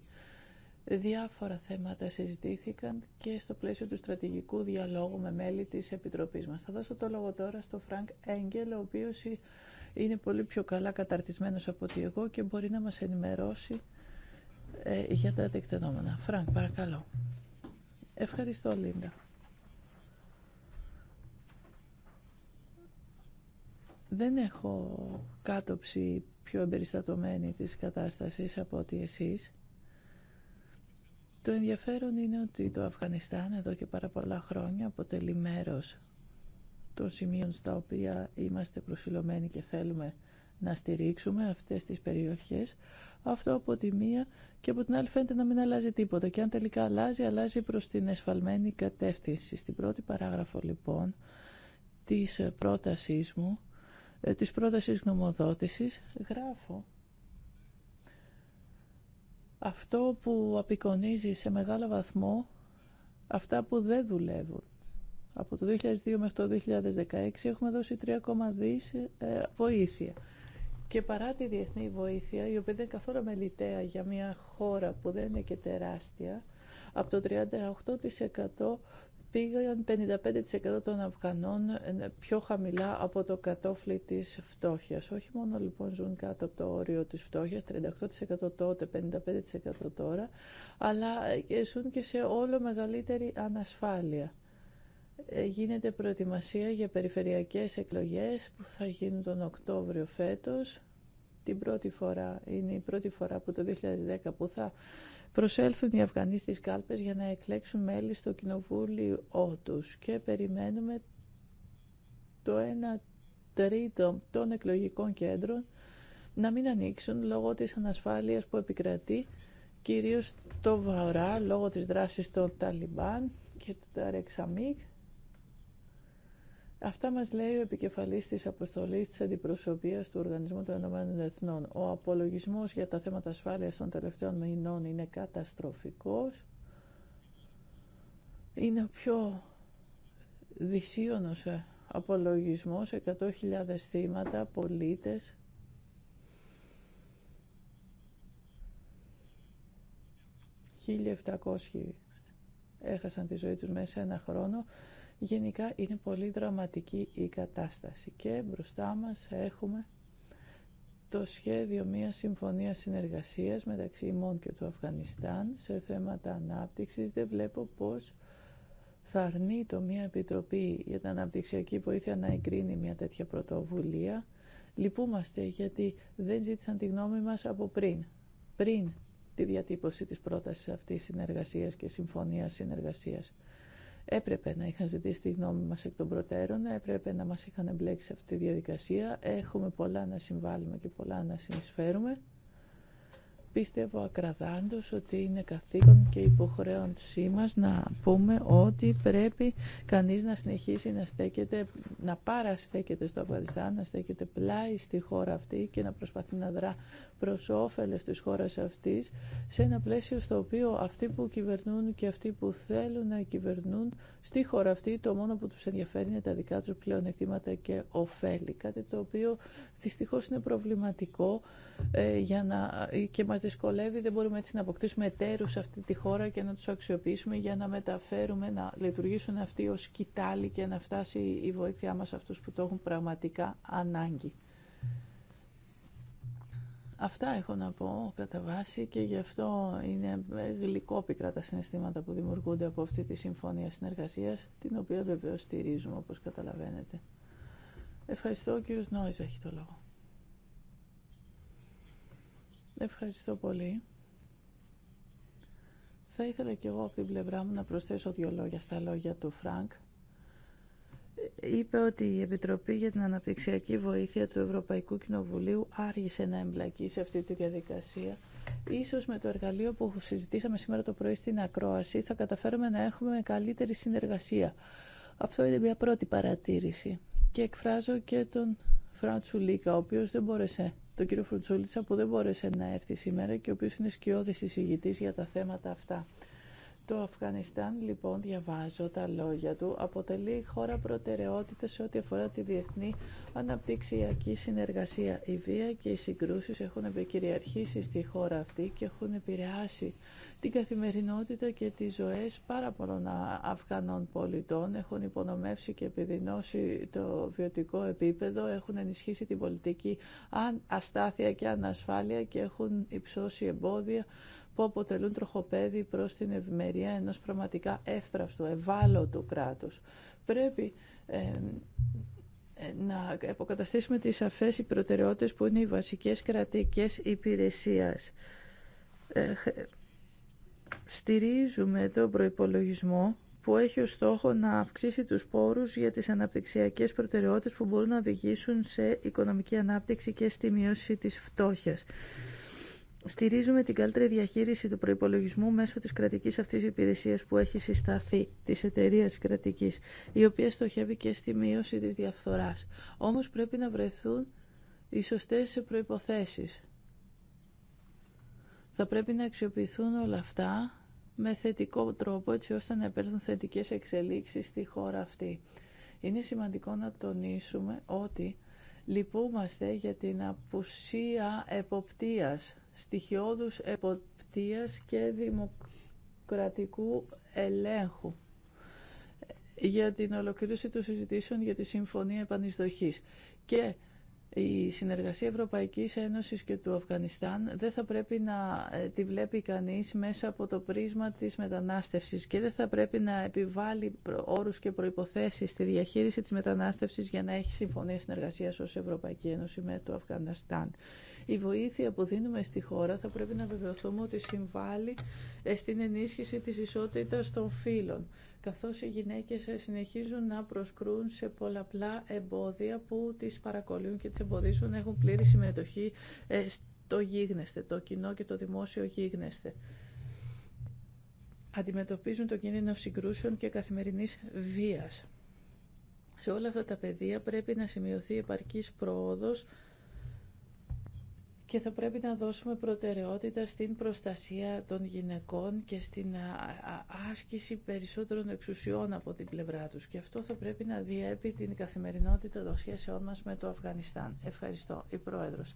S1: Διάφορα θέματα συζητήθηκαν και στο πλαίσιο του στρατηγικού διαλόγου με μέλη της Επιτροπής μας. Θα δώσω το λόγο τώρα στο Φρανκ Έγγελ, ο οποίος ε, είναι πολύ πιο καλά καταρτισμένος από ότι εγώ και μπορεί να μας ενημερώσει ε, για τα δεκτενόμενα. Φρανκ, παρακαλώ. Ευχαριστώ, Λίντα. Δεν έχω κάτοψη πιο εμπεριστατωμένη της κατάστασης από ότι εσείς. Το ενδιαφέρον είναι ότι το Αφγανιστάν εδώ και πάρα πολλά χρόνια αποτελεί μέρος των σημείων στα οποία είμαστε προσιλωμένοι και θέλουμε να στηρίξουμε αυτές τις περιοχές. Αυτό από τη μία και από την άλλη φαίνεται να μην αλλάζει τίποτα. Και αν τελικά αλλάζει, αλλάζει προς την εσφαλμένη κατεύθυνση. Στην πρώτη παράγραφο λοιπόν της πρότασής μου ε, της πρότασης γνωμοδότησης γράφω αυτό που απεικονίζει σε μεγάλο βαθμό αυτά που δεν δουλεύουν. Από το 2002 μέχρι το 2016 έχουμε δώσει 3,2 ε, βοήθεια. Και παρά τη διεθνή βοήθεια, η οποία δεν είναι καθόλου μελιτέα για μια χώρα που δεν είναι και τεράστια, από το 38% πήγαν 55% των Αφγανών ε, πιο χαμηλά από το κατόφλι της φτώχειας. Όχι μόνο λοιπόν ζουν κάτω από το όριο της φτώχειας, 38% τότε, 55% τώρα, αλλά ε, ζουν και σε όλο μεγαλύτερη ανασφάλεια. Ε, γίνεται προετοιμασία για περιφερειακές εκλογές που θα γίνουν τον Οκτώβριο φέτος. Την πρώτη φορά, είναι η πρώτη φορά από το 2010 που θα προσέλθουν οι Αφγανοί στις κάλπες για να εκλέξουν μέλη στο κοινοβούλιο τους και περιμένουμε το 1 τρίτο των εκλογικών κέντρων να μην ανοίξουν λόγω της ανασφάλειας που επικρατεί κυρίως το ΒΑΡΑ λόγω της δράσης των Ταλιμπάν και του Ταρεξαμίκ Αυτά μας λέει ο επικεφαλής της αποστολής της αντιπροσωπείας του Οργανισμού των Ηνωμένων Εθνών. Ο απολογισμός για τα θέματα ασφάλειας των τελευταίων μηνών είναι καταστροφικός. Είναι ο πιο δυσίωνος ε, απολογισμός, 100.000 θύματα, πολίτες, ...1.700 έχασαν τη ζωή τους μέσα σε ένα χρόνο Γενικά είναι πολύ δραματική η κατάσταση και μπροστά μας έχουμε το σχέδιο μία συμφωνία συνεργασίας μεταξύ ημών και του Αφγανιστάν σε θέματα ανάπτυξης. Δεν βλέπω πώς θα αρνεί το μια επιτροπή για την αναπτυξιακή βοήθεια να εγκρίνει μια τέτοια πρωτοβουλία. Λυπούμαστε γιατί δεν ζήτησαν τη γνώμη μας από πριν, πριν τη διατύπωση της πρότασης αυτής συνεργασίας και συμφωνίας συνεργασίας. Έπρεπε να είχαν ζητήσει τη γνώμη μας εκ των προτέρων, έπρεπε να μας είχαν εμπλέξει αυτή τη διαδικασία. Έχουμε πολλά να συμβάλλουμε και πολλά να συνεισφέρουμε. Πίστευω ακραδάντως ότι είναι καθήκον και υποχρέωσή μας να πούμε ότι πρέπει κανείς να συνεχίσει να στέκεται, να παραστέκεται στο Αφγανιστάν, να στέκεται πλάι στη χώρα αυτή και να προσπαθεί να δρά προς όφελες της χώρας αυτής σε ένα πλαίσιο στο οποίο αυτοί που κυβερνούν και αυτοί που θέλουν να κυβερνούν στη χώρα αυτή το μόνο που τους ενδιαφέρει είναι τα δικά τους πλεονεκτήματα και ωφέλη. Κάτι το οποίο δυστυχώς είναι προβληματικό ε, για να, ε, και μας δυσκολεύει, δεν μπορούμε έτσι να αποκτήσουμε εταίρους σε αυτή τη χώρα και να τους αξιοποιήσουμε για να μεταφέρουμε, να λειτουργήσουν αυτοί ως κοιτάλοι και να φτάσει η βοήθειά μας αυτούς που το έχουν πραγματικά ανάγκη. Αυτά έχω να πω κατά βάση και γι' αυτό είναι γλυκόπικρα τα συναισθήματα που δημιουργούνται από αυτή τη συμφωνία συνεργασίας, την οποία βεβαίως στηρίζουμε όπως καταλαβαίνετε. Ευχαριστώ, ο κύριος έχει το λόγο. Ευχαριστώ πολύ. Θα ήθελα και εγώ από την πλευρά μου να προσθέσω δύο λόγια στα λόγια του Φρανκ. Είπε ότι η Επιτροπή για την Αναπτυξιακή Βοήθεια του Ευρωπαϊκού Κοινοβουλίου άργησε να εμπλακεί σε αυτή τη διαδικασία. Ίσως με το εργαλείο που συζητήσαμε σήμερα το πρωί στην Ακρόαση θα καταφέρουμε να έχουμε καλύτερη συνεργασία. Αυτό είναι μια πρώτη παρατήρηση. Και εκφράζω και τον Φραντσουλίκα, ο οποίος δεν μπόρεσε τον κύριο Φρουτσούλητσα που δεν μπόρεσε να έρθει σήμερα και ο οποίος είναι σκιώδης εισηγητής για τα θέματα αυτά. Το Αφγανιστάν, λοιπόν, διαβάζω τα λόγια του, αποτελεί χώρα προτεραιότητα σε ό,τι αφορά τη διεθνή αναπτυξιακή συνεργασία. Η βία και οι συγκρούσεις έχουν επικυριαρχήσει στη χώρα αυτή και έχουν επηρεάσει την καθημερινότητα και τις ζωές πάρα πολλών Αφγανών πολιτών. Έχουν υπονομεύσει και επιδεινώσει το βιωτικό επίπεδο, έχουν ενισχύσει την πολιτική αστάθεια και ανασφάλεια και έχουν υψώσει εμπόδια που αποτελούν τροχοπέδι προς την ευημερία ενός πραγματικά εύθραυστου, ευάλωτου κράτους. Πρέπει ε, να αποκαταστήσουμε τις αφές οι προτεραιότητες που είναι οι βασικές κρατικές υπηρεσίες. Ε, στηρίζουμε τον προϋπολογισμό που έχει ως στόχο να αυξήσει τους πόρους για τις αναπτυξιακές προτεραιότητες που μπορούν να οδηγήσουν σε οικονομική ανάπτυξη και στη μείωση της φτώχειας. Στηρίζουμε την καλύτερη διαχείριση του προϋπολογισμού μέσω της κρατικής αυτής υπηρεσίας που έχει συσταθεί, της εταιρεία κρατικής, η οποία στοχεύει και στη μείωση της διαφθοράς. Όμως πρέπει να βρεθούν οι σωστές προϋποθέσεις. Θα πρέπει να αξιοποιηθούν όλα αυτά με θετικό τρόπο έτσι ώστε να επέλθουν θετικές εξελίξεις στη χώρα αυτή. Είναι σημαντικό να τονίσουμε ότι λυπούμαστε για την απουσία εποπτείας στοιχειώδους εποπτείας και δημοκρατικού ελέγχου για την ολοκλήρωση των συζητήσεων για τη Συμφωνία Επανεισδοχής. Και η συνεργασία Ευρωπαϊκής Ένωσης και του Αφγανιστάν δεν θα πρέπει να ε, τη βλέπει κανείς μέσα από το πρίσμα της μετανάστευσης και δεν θα πρέπει να επιβάλλει όρους και προϋποθέσεις στη διαχείριση της μετανάστευσης για να έχει συμφωνία συνεργασίας ως Ευρωπαϊκή Ένωση με το Αφγανιστάν η βοήθεια που δίνουμε στη χώρα θα πρέπει να βεβαιωθούμε ότι συμβάλλει ε, στην ενίσχυση της ισότητας των φύλων, καθώς οι γυναίκες ε, συνεχίζουν να προσκρούν σε πολλαπλά εμπόδια που τις παρακολούν και τις εμποδίζουν να έχουν πλήρη συμμετοχή ε, στο γίγνεσθε, το κοινό και το δημόσιο γίγνεσθε αντιμετωπίζουν το κίνδυνο συγκρούσεων και καθημερινής βίας. Σε όλα αυτά τα πεδία πρέπει να σημειωθεί επαρκής πρόοδος και θα πρέπει να δώσουμε προτεραιότητα στην προστασία των γυναικών και στην άσκηση περισσότερων εξουσιών από την πλευρά τους. Και αυτό θα πρέπει να διέπει την καθημερινότητα των σχέσεών μας με το Αφγανιστάν. Ευχαριστώ, η Πρόεδρος.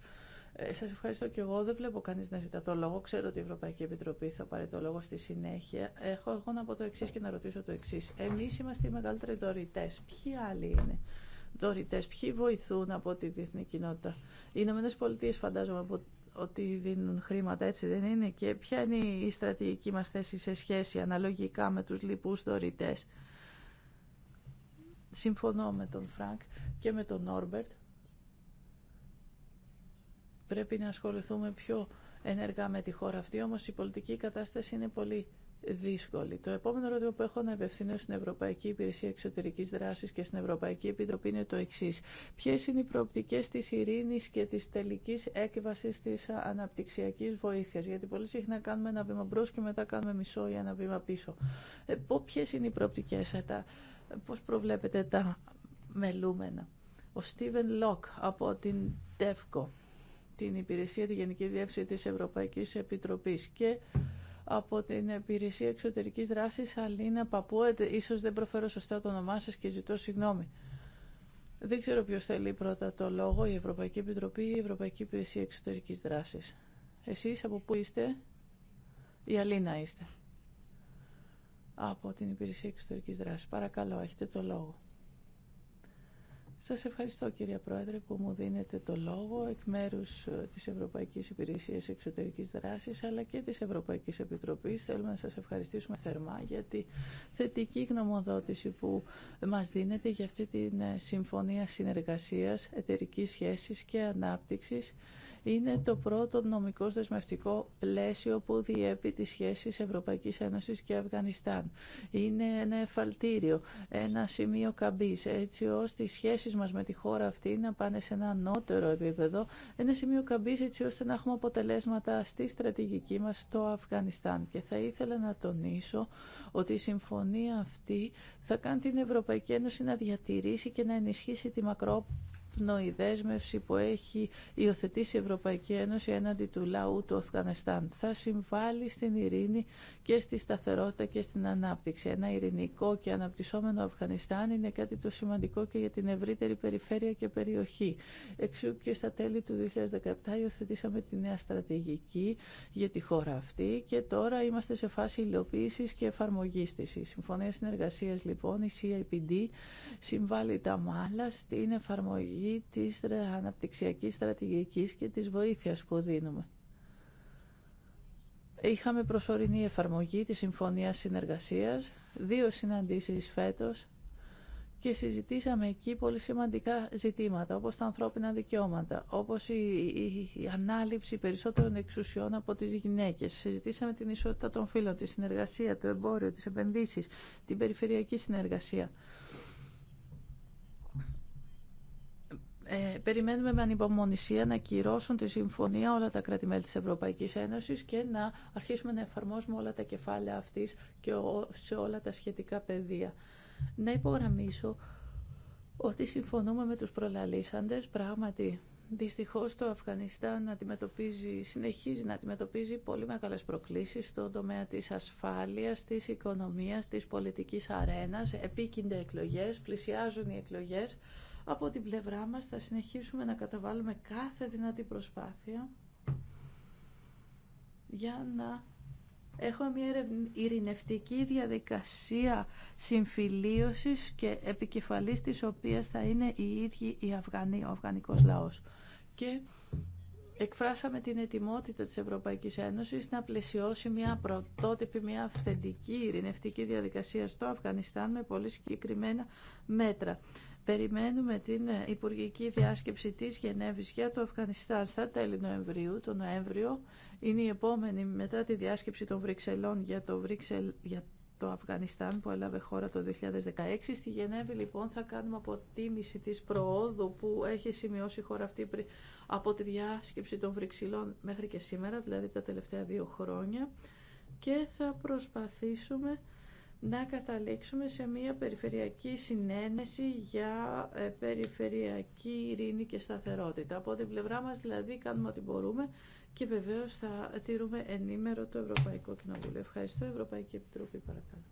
S1: Ε, σας ευχαριστώ και εγώ. Δεν βλέπω κανείς να ζητά το λόγο. Ξέρω ότι η Ευρωπαϊκή Επιτροπή θα πάρει το λόγο στη συνέχεια. Έχω εγώ να πω το εξή και να ρωτήσω το εξή. Εμείς είμαστε οι μεγαλύτεροι δωρητές. Ποιοι άλλοι είναι δωρητές, ποιοι βοηθούν από τη διεθνή κοινότητα. Οι Ηνωμένε Πολιτείε φαντάζομαι ότι δίνουν χρήματα, έτσι δεν είναι, και ποια είναι η στρατηγική μας θέση σε σχέση αναλογικά με τους λοιπούς δωρητές. Συμφωνώ με τον Φρανκ και με τον Νόρμπερτ. Πρέπει να ασχοληθούμε πιο ενεργά με τη χώρα αυτή, όμως η πολιτική κατάσταση είναι πολύ δύσκολη. Το επόμενο ερώτημα που έχω να απευθύνω στην Ευρωπαϊκή Υπηρεσία Εξωτερική Δράση και στην Ευρωπαϊκή Επιτροπή είναι το εξή. Ποιε είναι οι προοπτικέ τη ειρήνη και τη τελική έκβαση τη αναπτυξιακή βοήθεια, Γιατί πολύ συχνά κάνουμε ένα βήμα μπρο και μετά κάνουμε μισό ή ένα βήμα πίσω. Ε, Ποιε είναι οι προοπτικέ, ε, πώ προβλέπετε τα μελούμενα. Ο Στίβεν Λοκ από την ΤΕΦΚΟ, την Υπηρεσία τη Γενική Διεύθυνση της Ευρωπαϊκής Επιτροπής και από την Υπηρεσία Εξωτερικής Δράσης Αλίνα Παππού. Ίσως δεν προφέρω σωστά το όνομά σα και ζητώ συγγνώμη. Δεν ξέρω ποιο θέλει πρώτα το λόγο, η Ευρωπαϊκή Επιτροπή ή η Ευρωπαϊκή Υπηρεσία Εξωτερικής Δράσης. Εσείς από πού είστε, η Αλίνα είστε. Από την Υπηρεσία Εξωτερικής Δράσης. Παρακαλώ, έχετε το λόγο. Σας ευχαριστώ κυρία Πρόεδρε που μου δίνετε το λόγο εκ μέρους ε, της Ευρωπαϊκής Υπηρεσίας Εξωτερικής Δράσης αλλά και της Ευρωπαϊκής Επιτροπής. Θέλουμε να σας ευχαριστήσουμε θερμά για τη θετική γνωμοδότηση που μας δίνεται για αυτή τη ε, Συμφωνία Συνεργασίας, εταιρική Σχέσης και Ανάπτυξης. Είναι το πρώτο νομικό δεσμευτικό πλαίσιο που διέπει τις σχέσεις Ευρωπαϊκής Ένωσης και Αφγανιστάν. Είναι ένα εφαλτήριο, ένα σημείο καμπής, έτσι ώστε οι σχέσεις σχέσεις μας με τη χώρα αυτή να πάνε σε ένα ανώτερο επίπεδο, ένα σημείο καμπής έτσι ώστε να έχουμε αποτελέσματα στη στρατηγική μας στο Αφγανιστάν. Και θα ήθελα να τονίσω ότι η συμφωνία αυτή θα κάνει την Ευρωπαϊκή Ένωση να διατηρήσει και να ενισχύσει τη μακρό η δέσμευση που έχει υιοθετήσει η Ευρωπαϊκή Ένωση έναντι του λαού του Αφγανιστάν. Θα συμβάλλει στην ειρήνη και στη σταθερότητα και στην ανάπτυξη. Ένα ειρηνικό και αναπτυσσόμενο Αφγανιστάν είναι κάτι το σημαντικό και για την ευρύτερη περιφέρεια και περιοχή. Εξού και στα τέλη του 2017 υιοθετήσαμε τη νέα στρατηγική για τη χώρα αυτή και τώρα είμαστε σε φάση υλοποίηση και εφαρμογή τη. Η Συμφωνία Συνεργασία λοιπόν, η CIPD, συμβάλλει τα μάλα στην εφαρμογή εφαρμογή της αναπτυξιακής στρατηγικής και της βοήθειας που δίνουμε. Είχαμε προσωρινή εφαρμογή της Συμφωνίας Συνεργασίας, δύο συναντήσεις φέτος και συζητήσαμε εκεί πολύ σημαντικά ζητήματα, όπως τα ανθρώπινα δικαιώματα, όπως η, η, η ανάληψη περισσότερων εξουσιών από τις γυναίκες. Συζητήσαμε την ισότητα των φύλων, τη συνεργασία, το εμπόριο, τις επενδύσεις, την περιφερειακή συνεργασία. Ε, περιμένουμε με ανυπομονησία να κυρώσουν τη συμφωνία όλα τα κράτη-μέλη της Ευρωπαϊκής Ένωσης και να αρχίσουμε να εφαρμόσουμε όλα τα κεφάλαια αυτής και σε όλα τα σχετικά πεδία. Να υπογραμμίσω ότι συμφωνούμε με τους προλαλήσαντες, πράγματι Δυστυχώς το Αφγανιστάν αντιμετωπίζει, συνεχίζει να αντιμετωπίζει πολύ μεγάλες προκλήσεις στον τομέα της ασφάλειας, της οικονομίας, της πολιτικής αρένας, επίκυνται εκλογές, πλησιάζουν οι εκλογές. Από την πλευρά μας θα συνεχίσουμε να καταβάλουμε κάθε δυνατή προσπάθεια για να έχουμε μια ειρηνευτική διαδικασία συμφιλίωσης και επικεφαλής της οποίας θα είναι οι ίδιοι οι Αφγανοί, ο αφγανικός λαός. Και εκφράσαμε την ετοιμότητα της Ευρωπαϊκής Ένωσης να πλαισιώσει μια πρωτότυπη, μια αυθεντική ειρηνευτική διαδικασία στο Αφγανιστάν με πολύ συγκεκριμένα μέτρα. Περιμένουμε την ε, Υπουργική Διάσκεψη της Γενέβης για το Αφγανιστάν στα τέλη Νοεμβρίου, το Νοέμβριο. Είναι η επόμενη μετά τη διάσκεψη των Βρυξελών για το, Βρυξελ, για το Αφγανιστάν που έλαβε χώρα το 2016. Στη Γενέβη λοιπόν θα κάνουμε αποτίμηση της προόδου που έχει σημειώσει η χώρα αυτή από τη διάσκεψη των Βρυξελών μέχρι και σήμερα, δηλαδή τα τελευταία δύο χρόνια. Και θα προσπαθήσουμε να καταλήξουμε σε μια περιφερειακή συνένεση για ε, περιφερειακή ειρήνη και σταθερότητα. Από την πλευρά μας δηλαδή κάνουμε ό,τι μπορούμε και βεβαίως θα τηρούμε ενήμερο το Ευρωπαϊκό Κοινοβούλιο. Ευχαριστώ Ευρωπαϊκή Επιτροπή παρακαλώ.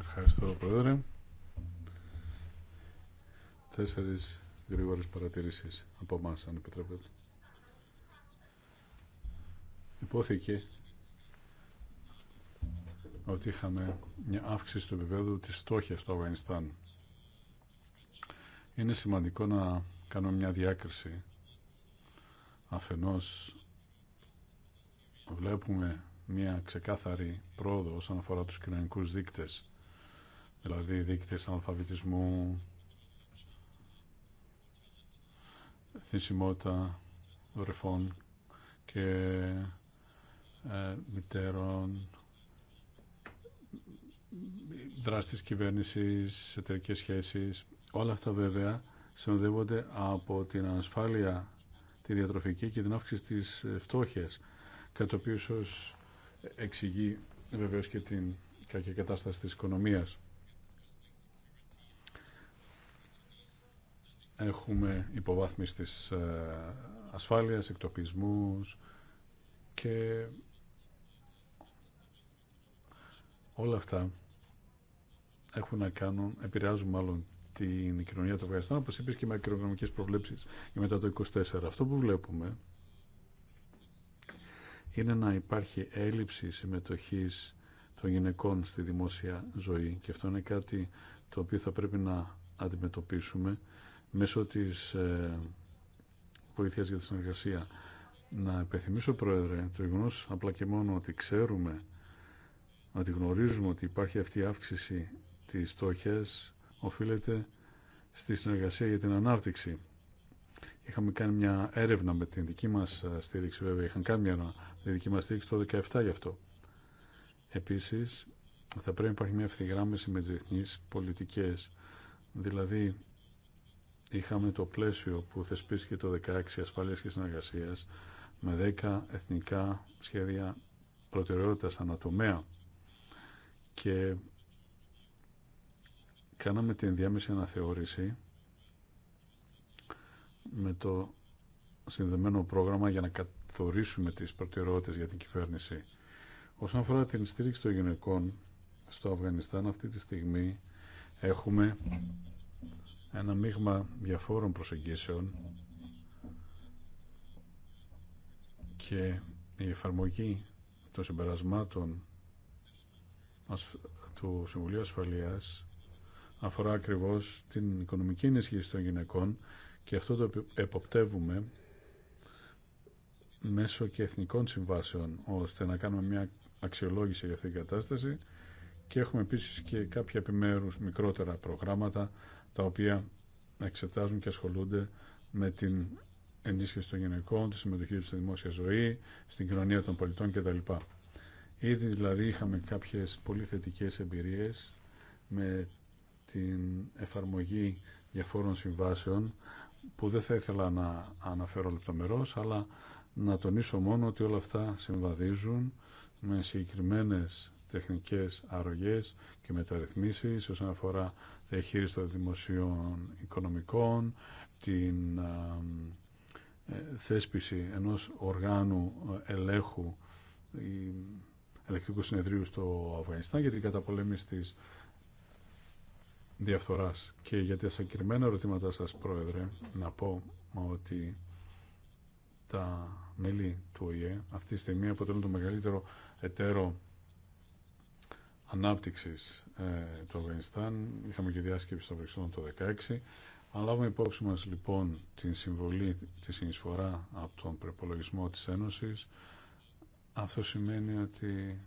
S3: Ευχαριστώ Πρόεδρε. Τέσσερις γρήγορες παρατηρήσεις από εμά αν επιτρέπετε. Υπόθηκε ότι είχαμε μια αύξηση του επίπεδου της στόχιας στο Αφγανιστάν. Είναι σημαντικό να κάνουμε μια διάκριση. Αφενός βλέπουμε μια ξεκάθαρη πρόοδο όσον αφορά τους κοινωνικούς δείκτες, δηλαδή δείκτες αλφαβητισμού, θυσιμότητα βρεφών και ε, μητέρων δράση κυβέρνησης, εταιρικέ σχέσεις, όλα αυτά βέβαια συνοδεύονται από την ανασφάλεια, τη διατροφική και την αύξηση της φτώχειας, κατά το οποίο εξηγεί βεβαίως και την κακή κατάσταση της οικονομίας. Έχουμε υποβάθμιση της ε, ασφάλειας, εκτοπισμούς και Όλα αυτά έχουν να κάνουν, επηρεάζουν μάλλον την κοινωνία του Αφγανιστάν, όπω είπε και οι μακροοικονομικέ προβλέψει για μετά το 24. Αυτό που βλέπουμε είναι να υπάρχει έλλειψη συμμετοχής των γυναικών στη δημόσια ζωή και αυτό είναι κάτι το οποίο θα πρέπει να αντιμετωπίσουμε μέσω της ε, για τη συνεργασία. Να υπενθυμίσω, Πρόεδρε, το γεγονό απλά και μόνο ότι ξέρουμε ότι γνωρίζουμε ότι υπάρχει αυτή η αύξηση της στόχιας οφείλεται στη συνεργασία για την ανάπτυξη. Είχαμε κάνει μια έρευνα με την δική μας ε, στήριξη, βέβαια, είχαν κάνει μια έρευνα με την δική μας στήριξη το 2017 γι' αυτό. Επίσης, θα πρέπει να υπάρχει μια ευθυγράμμιση με τις διεθνείς πολιτικές. Δηλαδή, είχαμε το πλαίσιο που θεσπίστηκε το 16 ασφάλειας και συνεργασίας με 10 εθνικά σχέδια προτεραιότητας ανατομέα και κάναμε την διάμεση αναθεώρηση με το συνδεμένο πρόγραμμα για να καθορίσουμε τις προτεραιότητες για την κυβέρνηση. Όσον αφορά την στήριξη των γυναικών στο Αφγανιστάν, αυτή τη στιγμή έχουμε ένα μείγμα διαφόρων προσεγγίσεων και η εφαρμογή των συμπερασμάτων του Συμβουλίου Ασφαλείας αφορά ακριβώς την οικονομική ενίσχυση των γυναικών και αυτό το εποπτεύουμε μέσω και εθνικών συμβάσεων ώστε να κάνουμε μια αξιολόγηση για αυτή την κατάσταση και έχουμε επίσης και κάποια επιμέρους μικρότερα προγράμματα τα οποία εξετάζουν και ασχολούνται με την ενίσχυση των γυναικών, τη συμμετοχή του στη δημόσια ζωή, στην κοινωνία των πολιτών κτλ. Ήδη δηλαδή είχαμε κάποιες πολύ θετικές εμπειρίες με την εφαρμογή διαφόρων συμβάσεων που δεν θα ήθελα να αναφέρω λεπτομερώς αλλά να τονίσω μόνο ότι όλα αυτά συμβαδίζουν με συγκεκριμένες τεχνικές αρρωγές και μεταρρυθμίσεις όσον αφορά διαχείριση των δημοσίων οικονομικών, την ε, θέσπιση ενός οργάνου ε, ελέγχου Ελεκτικού Συνεδρίου στο Αφγανιστάν για την καταπολέμηση τη διαφθόρα. Και για τα συγκεκριμένα ερωτήματά σας, Πρόεδρε, να πω ότι τα μέλη του ΟΗΕ αυτή τη στιγμή αποτελούν το μεγαλύτερο εταίρο ανάπτυξη ε, του Αφγανιστάν. Είχαμε και διάσκεψη στο Βρυξελών το 2016. Αν λάβουμε υπόψη μας λοιπόν την συμβολή, τη συνεισφορά από τον προπολογισμό της Ένωσης, αυτό σημαίνει ότι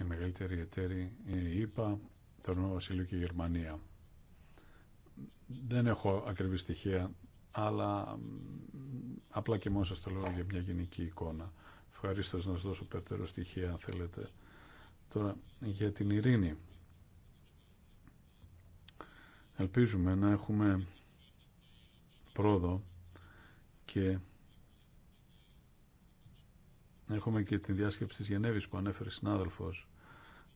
S3: η μεγαλύτερη εταίρη είναι η ΕΠΑ, το Ηνωμένο Βασίλειο και η Γερμανία. Δεν έχω ακριβή στοιχεία, αλλά απλά και μόνο σας το λέω για μια γενική εικόνα. Ευχαρίστω να σας δώσω περαιτέρω στοιχεία αν θέλετε. Τώρα για την ειρήνη. Ελπίζουμε να έχουμε πρόοδο και Έχουμε και την διάσκεψη της Γενέβης που ανέφερε συνάδελφος.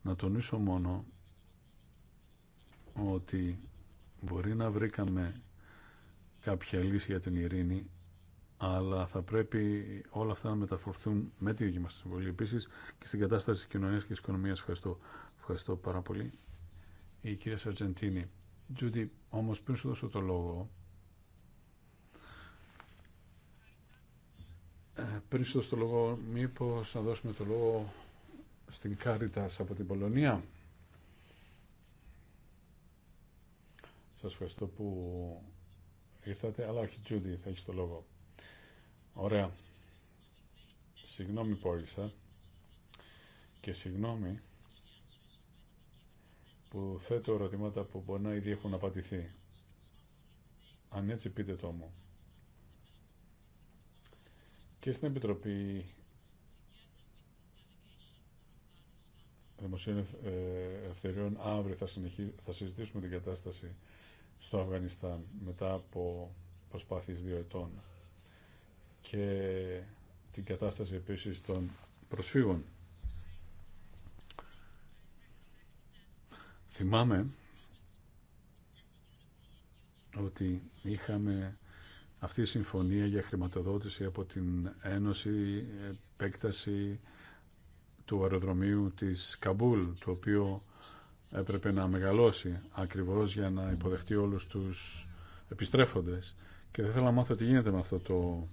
S3: Να τονίσω μόνο ότι μπορεί να βρήκαμε κάποια λύση για την ειρήνη, αλλά θα πρέπει όλα αυτά να μεταφορθούν με τη δική μας συμβολή επίσης και στην κατάσταση της κοινωνίας και της οικονομίας. Ευχαριστώ, Ευχαριστώ πάρα πολύ. Η κυρία Σαρτζεντίνη. Τζούντι, όμως πριν σου δώσω το λόγο, Πριν σου δώσω το λόγο, μήπω να δώσουμε το λόγο στην Κάριτα από την Πολωνία. Σα ευχαριστώ που ήρθατε, αλλά όχι Τζούντι, θα έχει το λόγο. Ωραία. Συγγνώμη που και συγγνώμη που θέτω ερωτήματα που μπορεί να ήδη έχουν απαντηθεί. Αν έτσι πείτε το μου και στην Επιτροπή Δημοσίων ε, Ελευθεριών αύριο θα, συνεχί... θα συζητήσουμε την κατάσταση στο Αφγανιστάν μετά από προσπάθειες δύο ετών και την κατάσταση επίσης των προσφύγων. Θυμάμαι ότι είχαμε αυτή η συμφωνία για χρηματοδότηση από την Ένωση επέκταση του αεροδρομίου της Καμπούλ, το οποίο έπρεπε να μεγαλώσει ακριβώς για να υποδεχτεί όλους τους επιστρέφοντες. Και δεν θέλω να μάθω τι γίνεται με αυτό το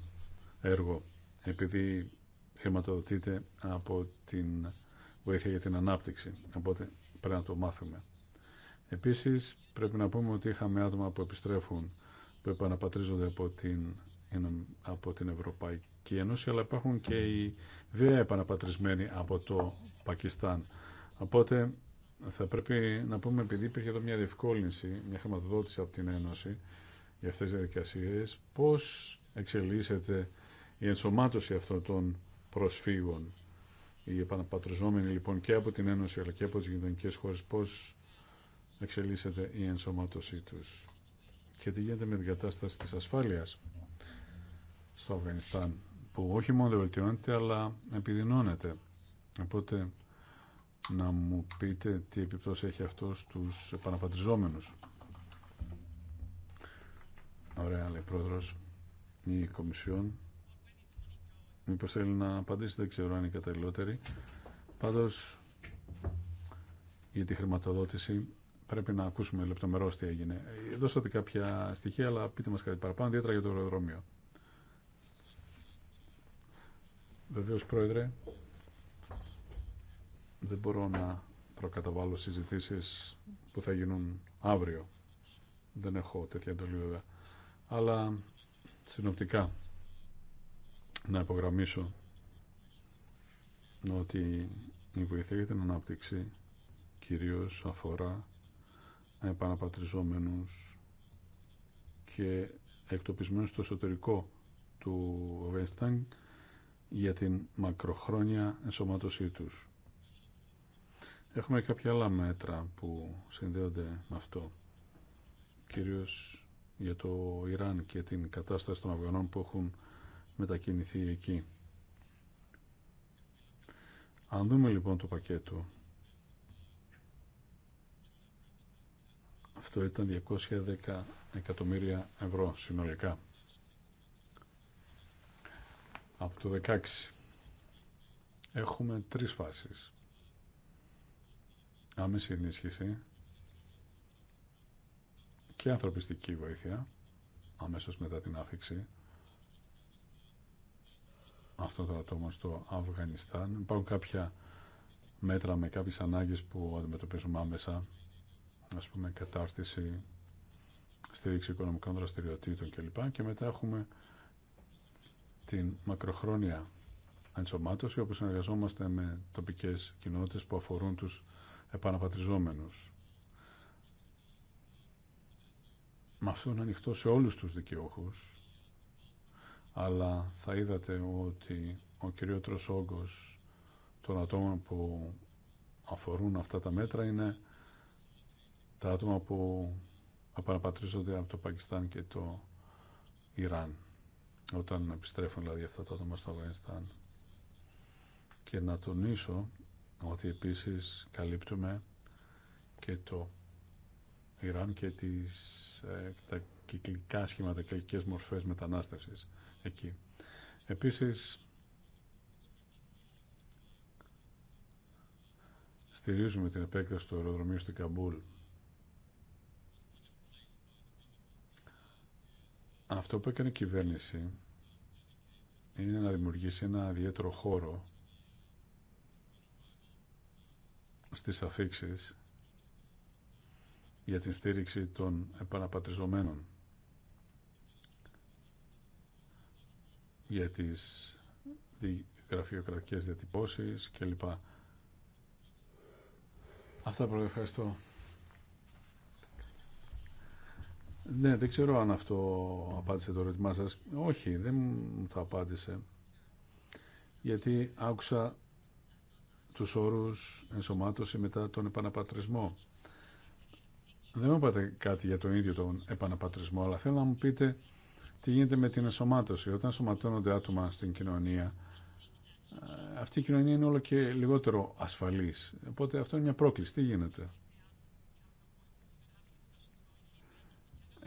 S3: έργο, επειδή χρηματοδοτείται από την βοήθεια για την ανάπτυξη. Οπότε πρέπει να το μάθουμε. Επίσης πρέπει να πούμε ότι είχαμε άτομα που επιστρέφουν που επαναπατρίζονται από την, από την Ευρωπαϊκή Ένωση, αλλά υπάρχουν και οι βία επαναπατρισμένοι από το Πακιστάν. Οπότε θα πρέπει να πούμε, επειδή υπήρχε εδώ μια διευκόλυνση, μια χρηματοδότηση από την Ένωση για αυτές τις διαδικασίες, πώς εξελίσσεται η ενσωμάτωση αυτών των προσφύγων, οι επαναπατριζόμενοι λοιπόν και από την Ένωση αλλά και από τις γειτονικές χώρες, πώς εξελίσσεται η ενσωμάτωσή τους και τι γίνεται με την κατάσταση της ασφάλειας στο Αφγανιστάν που όχι μόνο δεν βελτιώνεται αλλά επιδεινώνεται. Οπότε να μου πείτε τι επιπτώσει έχει αυτό στους επαναπατριζόμενους. Ωραία, λέει πρόεδρος η Κομισιόν. Μήπως θέλει να απαντήσει, δεν ξέρω αν είναι καταλληλότερη. Πάντως, για τη χρηματοδότηση πρέπει να ακούσουμε λεπτομερώς τι έγινε. Δώσατε κάποια στοιχεία, αλλά πείτε μας κάτι παραπάνω, ιδιαίτερα για το αεροδρόμιο. Βεβαίως, Πρόεδρε, δεν μπορώ να προκαταβάλω συζητήσεις που θα γίνουν αύριο. Δεν έχω τέτοια εντολή βέβαια. Αλλά συνοπτικά να υπογραμμίσω ότι η βοήθεια για την ανάπτυξη κυρίως αφορά επαναπατριζόμενους και εκτοπισμένους στο εσωτερικό του Βένσταν για την μακροχρόνια ενσωμάτωσή τους. Έχουμε κάποια άλλα μέτρα που συνδέονται με αυτό, κυρίως για το Ιράν και την κατάσταση των Αυγανών που έχουν μετακινηθεί εκεί. Αν δούμε λοιπόν το πακέτο Αυτό ήταν 210 εκατομμύρια ευρώ συνολικά. Από το 16 έχουμε τρεις φάσεις. Άμεση ενίσχυση και ανθρωπιστική βοήθεια αμέσως μετά την άφηξη αυτό το ατόμο στο Αφγανιστάν. Υπάρχουν κάποια μέτρα με κάποιες ανάγκες που αντιμετωπίζουμε άμεσα ας πούμε, κατάρτιση, στήριξη οικονομικών δραστηριοτήτων κλπ. Και μετά έχουμε την μακροχρόνια ενσωμάτωση, όπου συνεργαζόμαστε με τοπικές κοινότητες που αφορούν τους επαναπατριζόμενους. Με αυτό ανοιχτό σε όλους τους δικαιούχους, αλλά θα είδατε ότι ο κυριότερος όγκος των ατόμων που αφορούν αυτά τα μέτρα είναι τα άτομα που απαναπατρίζονται από το Πακιστάν και το Ιράν όταν επιστρέφουν δηλαδή αυτά τα άτομα στο Αφγανιστάν και να τονίσω ότι επίσης καλύπτουμε και το Ιράν και τις, ε, τα κυκλικά σχήματα, κυκλικές μορφές μετανάστευσης εκεί. Επίσης, στηρίζουμε την επέκταση του αεροδρομίου στην Καμπούλ Αυτό που έκανε η κυβέρνηση είναι να δημιουργήσει ένα ιδιαίτερο χώρο στις αφήξεις για την στήριξη των επαναπατριζομένων για τις γραφειοκρατικές διατυπώσεις κλπ. Αυτά πρώτα ευχαριστώ. Ναι, δεν ξέρω αν αυτό απάντησε το ερώτημά σας. Όχι, δεν μου το απάντησε. Γιατί άκουσα τους όρους ενσωμάτωση μετά τον επαναπατρισμό. Δεν μου είπατε κάτι για τον ίδιο τον επαναπατρισμό, αλλά θέλω να μου πείτε τι γίνεται με την ενσωμάτωση. Όταν ενσωματώνονται άτομα στην κοινωνία, ε, αυτή η κοινωνία είναι όλο και λιγότερο ασφαλής. Οπότε αυτό είναι μια πρόκληση. Τι γίνεται.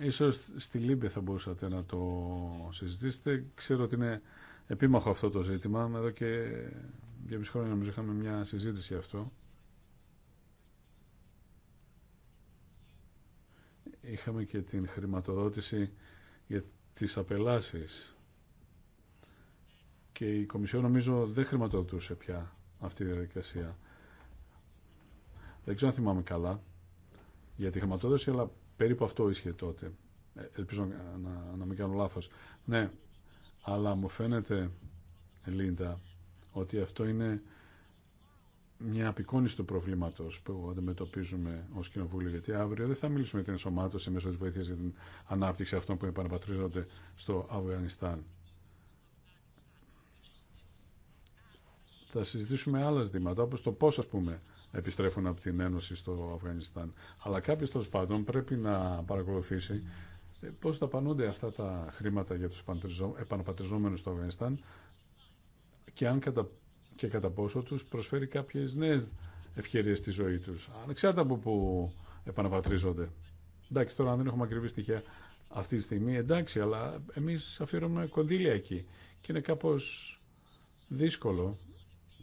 S3: Ίσως στη Λίμπη θα μπορούσατε να το συζητήσετε. Ξέρω ότι είναι επίμαχο αυτό το ζήτημα. Εδώ και μισή χρόνια νομίζω είχαμε μια συζήτηση αυτό. Είχαμε και την χρηματοδότηση για τις απελάσεις και η Κομισιόν νομίζω δεν χρηματοδοτούσε πια αυτή τη διαδικασία. Δεν ξέρω αν θυμάμαι καλά για τη χρηματοδότηση, αλλά Περίπου αυτό ίσχυε τότε. Ε, ελπίζω να, να, μην κάνω λάθος. Ναι, αλλά μου φαίνεται, Λίντα, ότι αυτό είναι μια απεικόνηση του προβλήματο που αντιμετωπίζουμε ω Κοινοβούλιο. Γιατί αύριο δεν θα μιλήσουμε για την ενσωμάτωση μέσω τη βοήθεια για την ανάπτυξη αυτών που επαναπατρίζονται στο Αφγανιστάν. Θα συζητήσουμε άλλα ζητήματα, όπω το πώ, α πούμε, επιστρέφουν από την Ένωση στο Αφγανιστάν. Αλλά κάποιο τέλο πάντων πρέπει να παρακολουθήσει ε, πώς ταπανούνται αυτά τα χρήματα για του επαναπατριζόμενου στο Αφγανιστάν και, αν κατα... και κατά πόσο του προσφέρει κάποιε νέε ευκαιρίε στη ζωή του. Ανεξάρτητα από που επαναπατρίζονται. Εντάξει, τώρα αν δεν έχουμε ακριβή στοιχεία αυτή τη στιγμή, εντάξει, αλλά εμεί αφιερώνουμε κονδύλια εκεί και είναι κάπω δύσκολο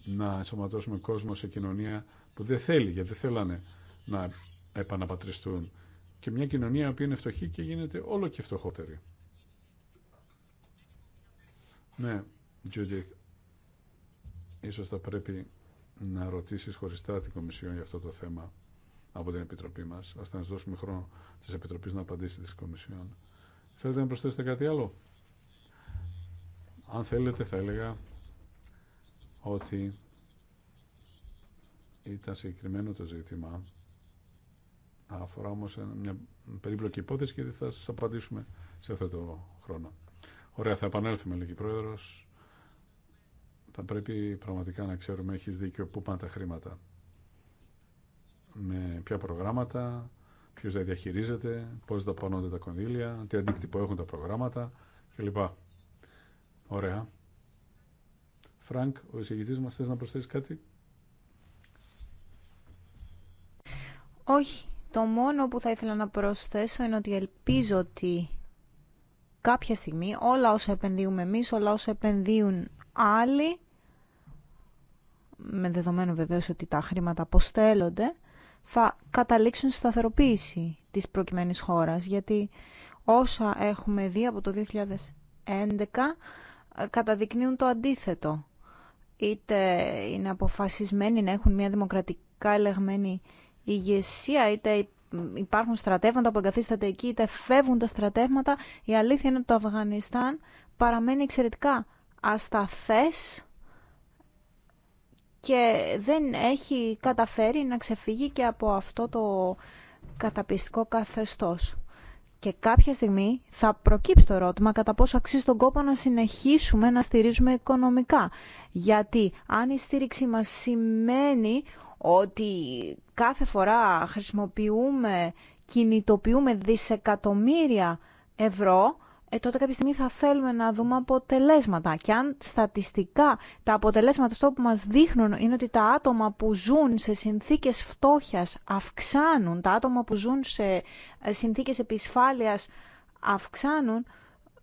S3: να ενσωματώσουμε κόσμο σε κοινωνία που δεν θέλει, γιατί δεν θέλανε να επαναπατριστούν και μια κοινωνία που είναι φτωχή και γίνεται όλο και φτωχότερη. Ναι, Judith, ίσως θα πρέπει να ρωτήσεις χωριστά την Κομισιόν για αυτό το θέμα από την Επιτροπή μας. Ας θα δώσουμε χρόνο της Επιτροπής να απαντήσει της Κομισιόν. Θέλετε να προσθέσετε κάτι άλλο? Αν θέλετε θα έλεγα ότι ήταν συγκεκριμένο το ζήτημα. Αφορά όμως μια περίπλοκη υπόθεση και θα σας απαντήσουμε σε αυτό το χρόνο. Ωραία, θα επανέλθουμε, λέγει η Πρόεδρος. Θα πρέπει πραγματικά να ξέρουμε, έχεις δίκιο, πού πάνε τα χρήματα. Με ποια προγράμματα, ποιος τα διαχειρίζεται, πώς δαπανώνται τα κονδύλια, τι αντίκτυπο έχουν τα προγράμματα κλπ. Ωραία. Φρανκ, ο εισηγητής μας, θες να προσθέσεις κάτι.
S4: Όχι. Το μόνο που θα ήθελα να προσθέσω είναι ότι ελπίζω ότι κάποια στιγμή όλα όσα επενδύουμε εμείς, όλα όσα επενδύουν άλλοι, με δεδομένο βεβαίως ότι τα χρήματα αποστέλλονται, θα καταλήξουν στη σταθεροποίηση της προκειμένης χώρας, γιατί όσα έχουμε δει από το 2011 ε, καταδεικνύουν το αντίθετο. Είτε είναι αποφασισμένοι να έχουν μια δημοκρατικά ελεγμένη ηγεσία, είτε υπάρχουν στρατεύματα που εγκαθίσταται εκεί, είτε φεύγουν τα στρατεύματα. Η αλήθεια είναι ότι το Αφγανιστάν παραμένει εξαιρετικά ασταθές και δεν έχει καταφέρει να ξεφύγει και από αυτό το καταπιστικό καθεστώς. Και κάποια στιγμή θα προκύψει το ερώτημα κατά πόσο αξίζει τον κόπο να συνεχίσουμε να στηρίζουμε οικονομικά. Γιατί αν η στήριξή μας σημαίνει ότι κάθε φορά χρησιμοποιούμε, κινητοποιούμε δισεκατομμύρια ευρώ, ε, τότε κάποια στιγμή θα θέλουμε να δούμε αποτελέσματα. Και αν στατιστικά τα αποτελέσματα αυτό που μας δείχνουν είναι ότι τα άτομα που ζουν σε συνθήκες φτώχειας αυξάνουν, τα άτομα που ζουν σε ε, συνθήκες επισφάλειας αυξάνουν,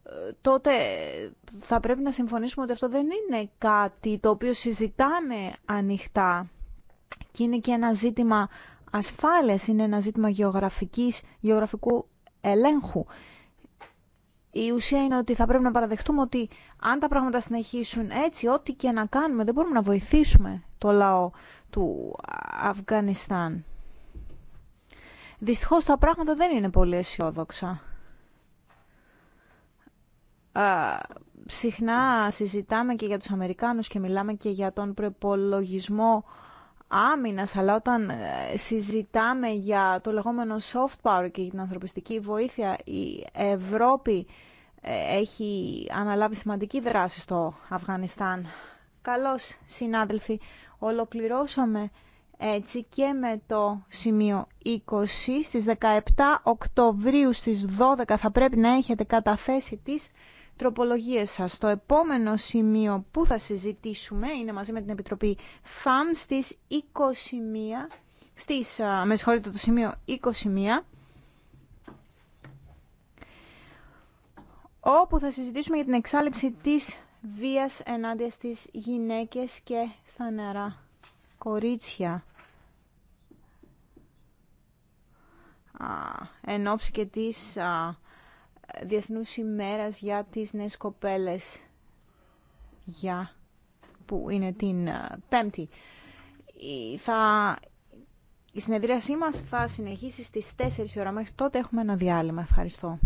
S4: ε, τότε ε, θα πρέπει να συμφωνήσουμε ότι αυτό δεν είναι κάτι το οποίο συζητάμε ανοιχτά και είναι και ένα ζήτημα ασφάλειας, είναι ένα ζήτημα γεωγραφικής, γεωγραφικού ελέγχου. Η ουσία είναι ότι θα πρέπει να παραδεχτούμε ότι αν τα πράγματα συνεχίσουν έτσι, ό,τι και να κάνουμε, δεν μπορούμε να βοηθήσουμε το λαό του Αφγανιστάν. Δυστυχώς τα πράγματα δεν είναι πολύ αισιόδοξα. Συχνά συζητάμε και για τους Αμερικάνους και μιλάμε και για τον προπολογισμό άμυνας, αλλά όταν ε, συζητάμε για το λεγόμενο soft power και την ανθρωπιστική βοήθεια, η Ευρώπη ε, έχει αναλάβει σημαντική δράση στο Αφγανιστάν. Καλώς, συνάδελφοι, ολοκληρώσαμε έτσι και με το σημείο 20. Στις 17 Οκτωβρίου στις 12 θα πρέπει να έχετε καταθέσει τις τροπολογίες σας. Το επόμενο σημείο που θα συζητήσουμε είναι μαζί με την Επιτροπή ΦΑΜ στις 21, στις, με συγχωρείτε το σημείο 21, όπου θα συζητήσουμε για την εξάλληψη της βίας ενάντια στις γυναίκες και στα νερά κορίτσια. Α, εν ώψη και της Διεθνούς ημέρας για τις νέες κοπέλες για, που είναι την ε, Πέμπτη. Η, θα, η συνεδρίασή μας θα συνεχίσει στις 4 η ώρα. Μέχρι τότε έχουμε ένα διάλειμμα. Ευχαριστώ.